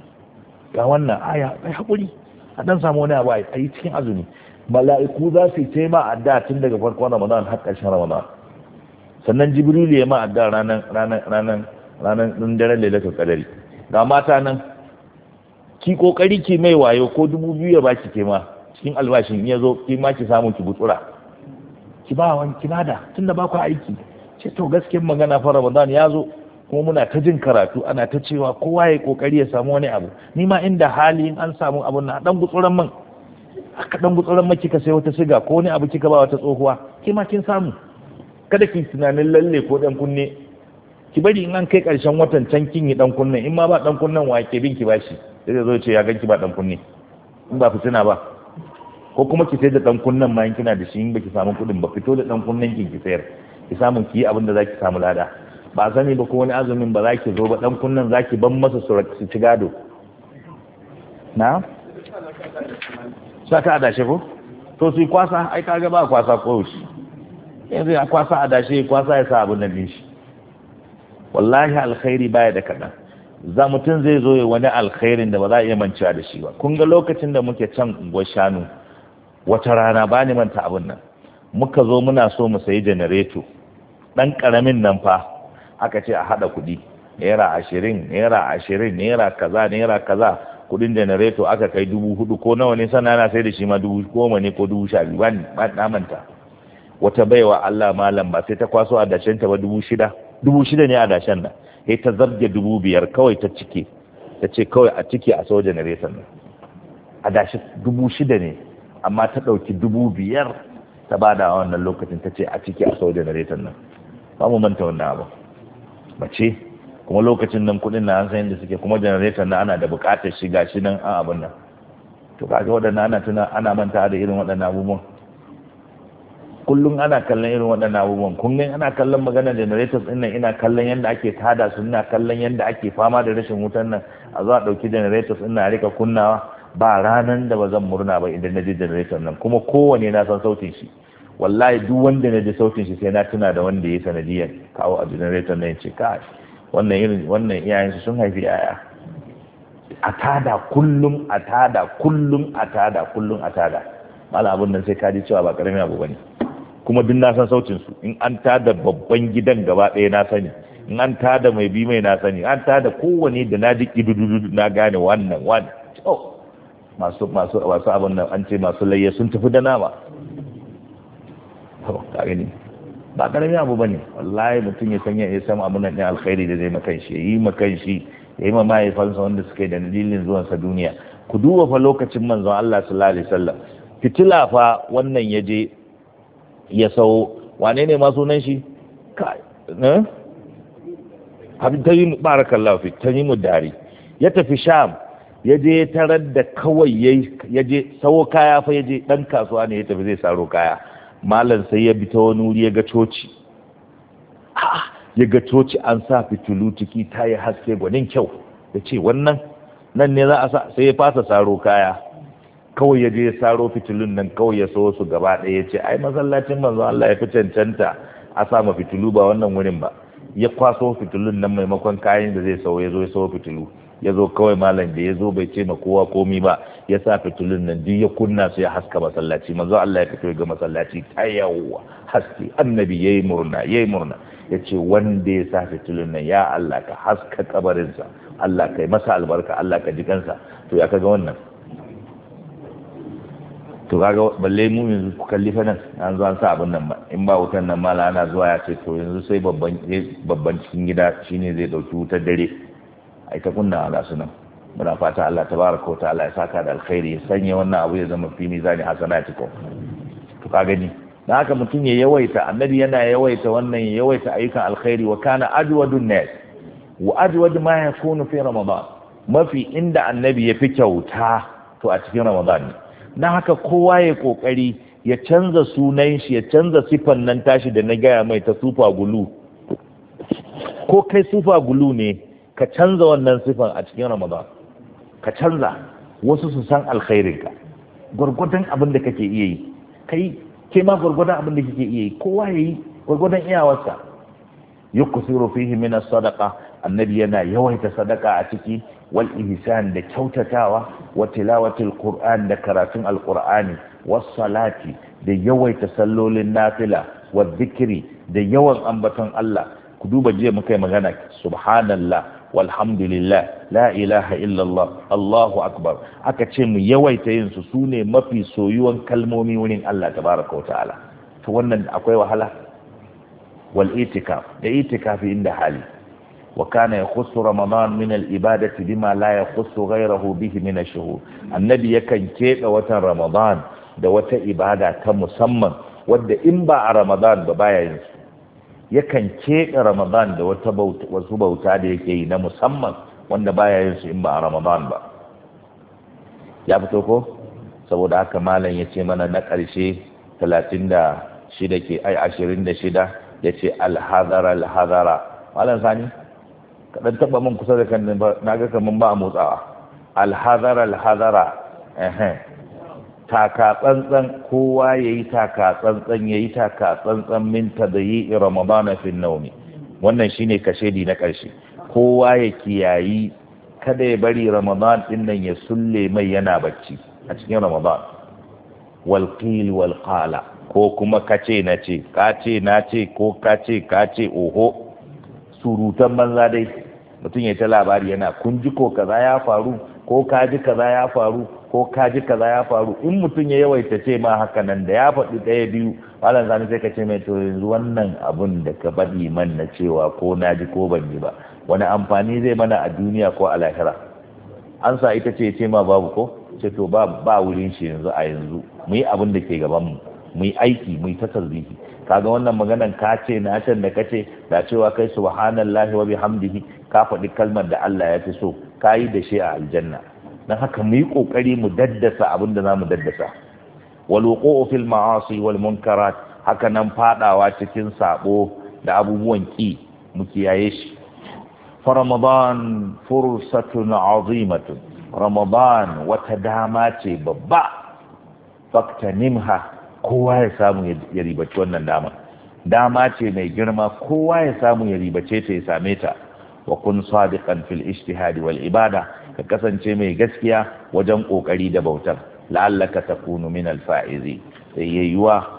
ga wannan aya ai hakuri a dan samu wani abu a yi cikin azumi mala'iku za su yi ma adda tun daga farkon ramadan har ƙarshen ramadan sannan jibrilu ya ma adda ranan ranan ranan ranan din daren lailatul qadari ga mata nan ki kokari ki mai wayo ko dubu biyu ya baki ke ma cikin albashin ya zo ki ma ki samu ki butsura ki ba wani kinada, tunda ba ku aiki ce to gaskiyar magana fa ramadan ya zo kuma muna ta jin karatu ana ta cewa kowa ya kokari ya samu wani abu ni ma inda hali in an samu abun na dan gutsuran man aka dan gutsuran man kika sai wata siga ko wani abu kika ba wata tsohuwa ke ma kin samu kada ki tunanin lalle ko dan kunne ki bari in an kai karshen watan can kin yi dan kunne in ma ba dan kunnen wa ke bin ki bashi sai zai zo ce ya ganki ba dan kunne in ba fitina ba ko kuma ki sai da dan kunnen ma in kina da shi in baki samu kudin ba fito da dan kunnen kin ki sayar ki samu ki yi abin da zaki samu lada ba sani ba ko wani azumin ba za ki zo ba dan kunnan za ki ban masa su ci gado na saka adashe ko to su kwasa ai kaga ba kwasa ko shi yanzu ya kwasa adashe kwasa ya sa abin da shi wallahi alkhairi baya da kaɗan za mutum zai zo ya wani alkhairin da ba za a iya mancewa da shi ba kun ga lokacin da muke can unguwar shanu wata rana ba ni manta abin nan muka zo muna so mu sayi janareto Dan ƙaramin nan fa aka ce a haɗa kuɗi naira ashirin naira ashirin naira kaza naira kaza kuɗin janareto aka kai dubu hudu ko nawa ne sannan ana sai da shi ma dubu goma ne ko dubu sha biyu ba na manta wata baiwa Allah malam ba sai ta kwaso dashen ta ba dubu shida dubu shida ne dashen nan sai ta zarge dubu biyar kawai ta cike ta ce kawai a ciki a sau janareton nan dashi dubu shida ne amma ta ɗauki dubu biyar ta bada a wannan lokacin ta ce a ciki a sau janareton nan ba mu manta wannan abu mace kuma lokacin nan kuɗin na an san yadda suke kuma janareton na ana da buƙatar shiga shi nan a abin nan to kaga waɗannan ana tuna ana manta da irin waɗannan abubuwan kullum ana kallon irin waɗannan abubuwan kullum ana kallon magana generators ɗin ina kallon yadda ake tada su ina kallon yadda ake fama da rashin wutan nan a za a ɗauki generators ɗin rika kunnawa ba ranar da ba zan murna ba idan na ji janaretar nan kuma kowane na san sautin shi wallahi duk wanda na ji sautin shi sai na tuna da wanda ya sanadiyar kawo a generator na ce kai wannan wannan iyayen su sun haifi yaya a tada kullum a tada kullum a tada kullum a tada mala abun nan sai kaji cewa ba karami abu bane kuma duk na san sautin su in an tada babban gidan gaba ɗaya na sani in an tada mai bi mai na sani an tada kowane da na ji kidududu na gane wannan wannan masu masu nan an ce masu layya sun tafi da nama gani ba karami abu bane wallahi mutum ya sanya ya samu abun nan alkhairi da zai makan shi yi makan shi ya yi ma mahaifansa wanda suka yi da dalilin zuwan sa duniya ku duba fa lokacin manzo Allah sallallahu alaihi wasallam fitila fa wannan ya je ya sau wane ne ma sunan shi kai eh habib tayyib barakallahu fi mu dari ya tafi sham ya je tarar da kawai ya je sawo kaya fa ya je dan kasuwa ne ya tafi zai saro kaya malam sai ya bi ta wani wuri ya ga coci ya ga coci an sa fitilu ciki ta yi haske gwanin kyau ya ce wannan nan ne za a sa sai ya fasa saro kaya kawai ya je ya saro fitilun nan kawai ya so su gaba ɗaya ya ce ai masallacin manzo Allah ya fi cancanta a sa ma fitilu ba wannan wurin ba ya kwaso fitilun nan maimakon kayan da zai sau ya zo ya sau fitilu ya zo kawai malam da ya zo bai ce ma kowa komi ba ya sa fitulun nan duk ya kunna su ya haska masallaci manzo Allah ya fito ga masallaci ta yawa haske annabi yayi murna yayi murna yace wanda ya sa fitulun nan ya Allah ka haska kabarinsa Allah kai masa albarka Allah ka ji kansa to ya kaga wannan to kaga balle mu yanzu ku kalli fa nan an zo an sa abin nan ba in ba wutan nan mala ana zuwa ya ce to yanzu sai babban babban cikin gida shine zai dauki wutar dare ai kunna ga su nan muna fata Allah tabaraka wa ta'ala ya saka da alkhairi ya sanya wannan abu ya zama fi mizani ko to ka gani dan haka mutum ya yawaita annabi yana yawaita wannan yawaita ayyukan alkhairi wa kana ajwadun nas wa ajwad ma yakunu fi ramadan mafi inda annabi ya fi kyauta to a cikin ramadan dan haka kowa ya kokari ya canza sunan shi ya canza sifan nan tashi da na gaya mai ta sufa gulu ko kai sufa gulu ne ka canza wannan sifan a cikin ramadan ka canza wasu su san alkhairinka gwargwadon abin da kake iya yi kai ke ma gwargwadon abin da kake iya yi kowa ya yi gwargwadon iyawarsa yukusiru fihi min sadaka, annabi yana yawaita sadaka a ciki wal ihsan da kyautatawa wa tilawatil qur'an da karatun alqur'ani was salati da yawaita sallolin nafila wa zikiri, da yawan ambaton Allah ku duba jiya muka yi magana subhanallah walhamdulillah la ilaha illallah Allahu akbar aka ce mu yawaita yin su sune mafi soyuwan kalmomi wurin Allah tabaraka wa ta'ala Ta wannan akwai wahala wal itikaf da itikafi inda hali وكان يخص ibadati من الإبادة بما لا يخص غيره به من الشهور Annabi yakan كيف watan رمضان da wata ibada ta musamman wadda in ba a ramadan ba baya yin su yakan keɓe ramadan da wata wasu bauta da yake yi na musamman wanda baya yin su in ba a ramadan ba ya fito ko saboda haka malam ya ce mana na ƙarshe talatin da shida ke ai ashirin da shida ya ce alhazara alhazara malam sani kaɗan taɓa min kusa da kan na ga kaman ba a motsawa alhazara alhazara taka tsantsan kowa ya yi taka tsantsan ya yi taka tsantsan minta yi tadayi ramadana fin naumi wannan shine kashedi na ƙarshe kowa ya kiyayi kada ya bari ramadan din nan ya sulle mai yana bacci a cikin ramadan wal qil ko kuma kace na ce kace na ce ko kace kace oho surutan banza dai mutum ya ta labari yana kun ji ko kaza ya faru ko ka ji kaza ya faru ko ka ji kaza ya faru in mutum ya yawaita ce ma haka nan da ya faɗi ɗaya biyu malam sani sai ka ce mai to yanzu wannan abun da ka faɗi man na cewa ko na ji ko ban yi ba wani amfani zai mana a duniya ko a lahira an sa ita ce ce ma babu ko ce to ba wurin shi yanzu a yanzu mu yi abin da ke gaban mu mu yi aiki mu yi ta Ka kaga wannan maganan ka ce na can da ka ce, da cewa kai subhanallahi wa bihamdihi ka faɗi kalmar da Allah ya fi so Ka yi da shi a aljanna don haka mu yi ƙoƙari mu daddasa abin da za mu daddasa wal ofil fil wal munkarat haka nan fadawa cikin sabo da abubuwan ki mu kiyaye shi fa ramadan fursatun azimatun ramadan wata dama ce babba faktanimha kowa ya samu ya ribaci wannan dama dama ce mai girma kowa ya samu ya ribace ta ya same ta wa kun sadiqan fil ijtihadi wal ibada ka kasance mai gaskiya wajen ƙoƙari da bautar la'allaka takunu min alfa'izi sai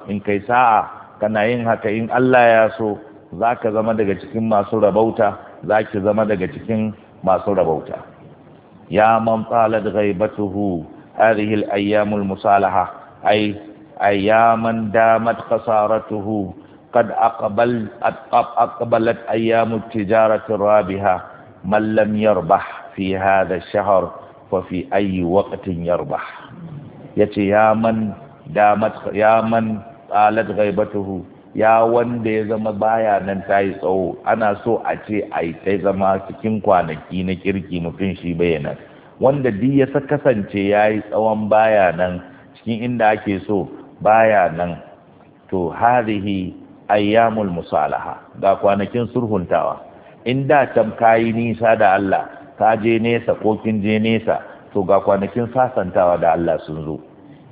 in kai sa'a kana yin haka in Allah ya so zaka zama daga cikin masu rabauta zaki zama daga cikin masu rabauta ya man talat ghaibatuhu hadhihi al-ayyamul musalaha ay ayyaman damat khasaratuhu قد أقبل أقبلت أيام التجارة الرابحة من لم يربح fi hadha shahar fafi fi ayi waqtin Ya yace ya man damat ya man ghaibatuhu ya wanda ya zama baya nan ta yi tsawo ana so a ce a yi ta zama cikin kwanaki na kirki mutum shi bayanan wanda duk ya kasance ya yi tsawon baya nan cikin inda ake so baya nan to hadhihi ayyamul musalaha ga kwanakin surhuntawa in da tam kayi nisa da Allah ka je nesa ko kin je nesa to ga kwanakin sasantawa da Allah sun zo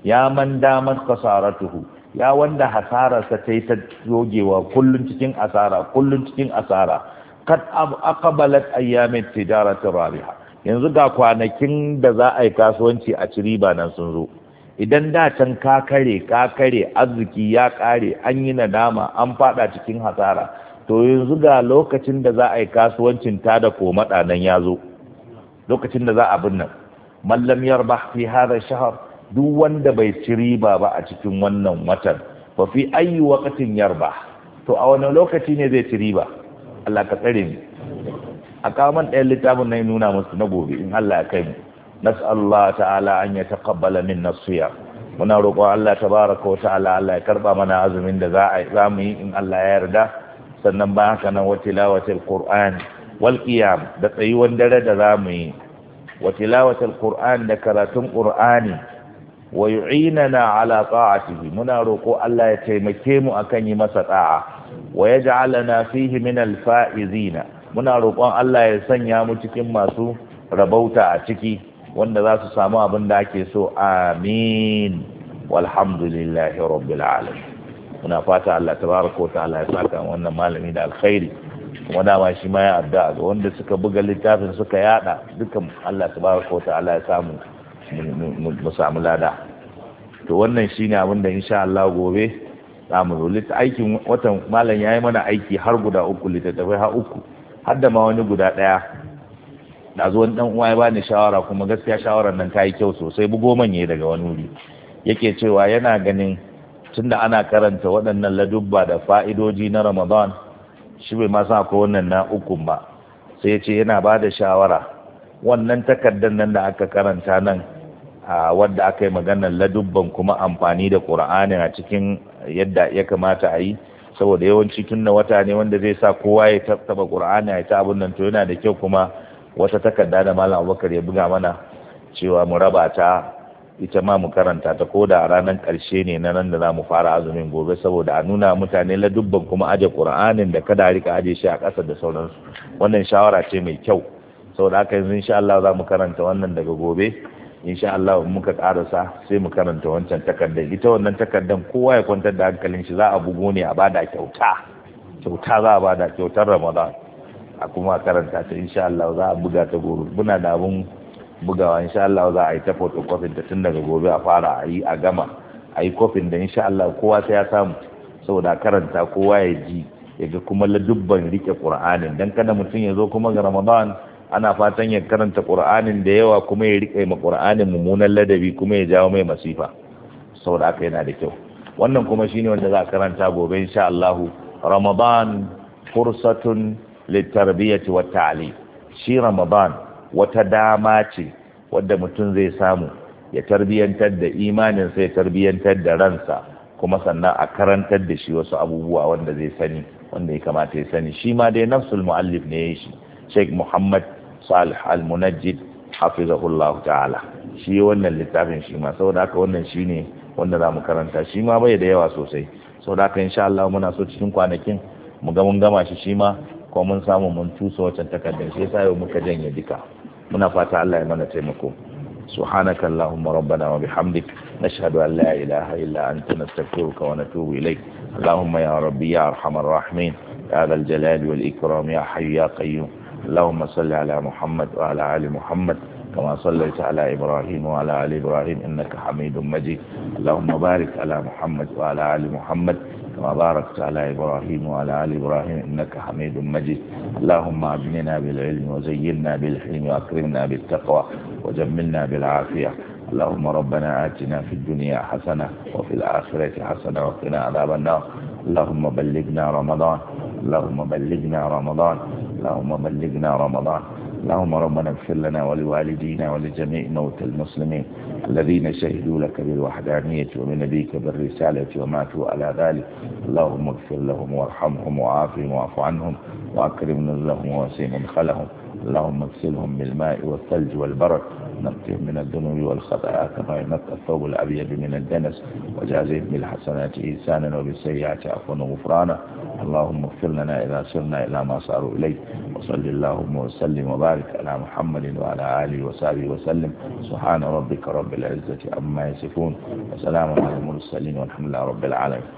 ya man damat kasaratuhu ya wanda hasararsa ta yi ta jogewa kullum cikin asara kullum cikin asara kad aqbalat ayyamin tijaratu rabiha yanzu ga kwanakin da za a yi kasuwanci a ci riba nan sun zo idan da can ka kare ka kare arziki ya kare an yi nadama an fada cikin hasara to yanzu ga lokacin da za a yi kasuwancin ta da komada nan ya zo lokacin da za a binne mallam yarba fi hadha shahar duk wanda bai ci riba ba a cikin wannan watan Ba fi ayi waqtin yarba to a wani lokaci ne zai ci riba Allah ka tsare ni a kaman ɗayan littafin na nuna musu na gobe in Allah ya kai mu nas'allah ta'ala an yataqabbala minna siyam muna roƙon Allah tabaraka wa ta'ala Allah ya karba mana azumin da za a yi in Allah ya yarda sannan ba haka nan wa tilawatil qur'ani wal da tsayuwan dare da za mu yi wa tilawatul qur'an da karatun ƙur'ani wa yu'inana ala ciki muna roƙo Allah ya taimake mu akan yi masa da'a wa yaj'alana fihi min al-faizina muna roƙon Allah ya sanya mu cikin masu rabauta a ciki wanda za su samu abin da ake so amin walhamdulillahi rabbil alamin muna fata Allah tabaraka wa ta'ala ya saka wannan malami da alkhairi kuma dama shi ma ya addu'a ga wanda suka buga littafin suka yada dukan Allah subhanahu wataala ya samu mu samu lada to wannan shine abin da insha Allah gobe za mu zo aikin watan malam yayi mana aiki har guda uku littattafai har uku har da ma wani guda daya da zuwan dan uwa ya bani shawara kuma gaskiya shawaran nan tayi yi kyau sosai bugo manye daga wani wuri yake cewa yana ganin tunda ana karanta waɗannan ladubba da fa'idoji na Ramadan shi bai ma san akwai wannan na ukun ba sai ce yana ba da shawara wannan takardar nan da aka karanta nan a wadda aka yi maganar ladubban kuma amfani da ƙura'ani a cikin yadda ya kamata a yi saboda yawanci tun na wata ne wanda zai sa kowa ya taba ƙura'ani a ta abin nan to yana da kyau kuma wata takarda da malam abubakar ya buga mana cewa mu raba ta ita ma mu karanta ta ko da ranar ƙarshe ne na nan da za mu fara azumin gobe saboda a nuna mutane dubban kuma aje ƙur'anin da kada rika aje shi a ƙasa da sauransu wannan shawara ce mai kyau saboda haka yanzu insha Allah za mu karanta wannan daga gobe insha Allah muka karasa sai mu karanta wancan takardar ita wannan takardar kowa ya kwantar da hankalin shi za a bugo ne a bada kyauta kyauta za a bada kyautar Ramadan a kuma karanta ta insha Allah za a buga ta gobe muna da abun bugawa insha Allah za a yi ta photocopy da tun daga gobe a fara a yi a gama a yi kofin da insha Allah kowa sai ya samu saboda karanta kowa ya ji ya ga kuma ladubban rike Qur'anin dan kada mutum ya zo kuma ga Ramadan ana fatan ya karanta Qur'anin da yawa kuma ya rike ma Qur'anin mummunan ladabi kuma ya jawo mai masifa saboda haka yana da kyau wannan kuma shine wanda za a karanta gobe insha Allah Ramadan fursatun litarbiyati wat ta'lim shi Ramadan wata dama ce wadda mutum zai samu ya tarbiyantar da imaninsa, ya tarbiyantar da ransa kuma sannan a karantar da shi wasu abubuwa wanda zai sani wanda ya kamata ya sani shi ma dai nafsul muallif ne ya shi Sheikh Muhammad Salih Al-Munajjid hafizahullahu ta'ala shi wannan littafin shi ma saboda haka wannan ne wanda mu karanta shi ma bai da yawa sosai saboda haka insha Allah muna so cikin kwanakin mu ga mun gama shi shi ma ko mun samu mun tusa wacce takardar shi yasa yau muka janye duka muna fata Allah ya mana taimako subhanaka allahumma rabbana wa bihamdik nashhadu an la ilaha illa anta nastaghfiruka wa natubu ilayk اللهم يا rahmin يا ارحم الراحمين يا ذا الجلال والاكرام يا حي يا قيوم اللهم صل على محمد وعلى ال محمد كما صليت على ابراهيم وعلى ال ابراهيم انك حميد مجيد اللهم بارك على محمد وعلى ال محمد كما باركت على إبراهيم وعلى آل إبراهيم إنك حميد مجيد اللهم أبننا بالعلم وزينا بالحلم وأكرمنا بالتقوى وجملنا بالعافية اللهم ربنا آتنا في الدنيا حسنة وفي الآخرة حسنة وقنا عذاب النار اللهم بلغنا رمضان اللهم بلغنا رمضان اللهم بلغنا رمضان اللهم ربنا اغفر لنا ولوالدينا ولجميع موتى المسلمين الذين شهدوا لك بالوحدانية وبنبيك بالرسالة وماتوا على ذلك اللهم اغفر لهم وارحمهم وعافهم واعف عنهم وأكرم لهم واسع خلهم اللهم اغسلهم بالماء والثلج والبرد نقهم من الذنوب والخطايا كما ينقى الثوب الأبيض من الدنس وجازهم بالحسنات انسانا وبالسيئات عفوا وغفرانا اللهم اغفر لنا إذا سرنا إلى ما صاروا إليه وصل اللهم وسلم وبارك على محمد وعلى آله وصحبه وسلم سبحان ربك رب العزة عما يصفون وسلام على المرسلين والحمد لله رب العالمين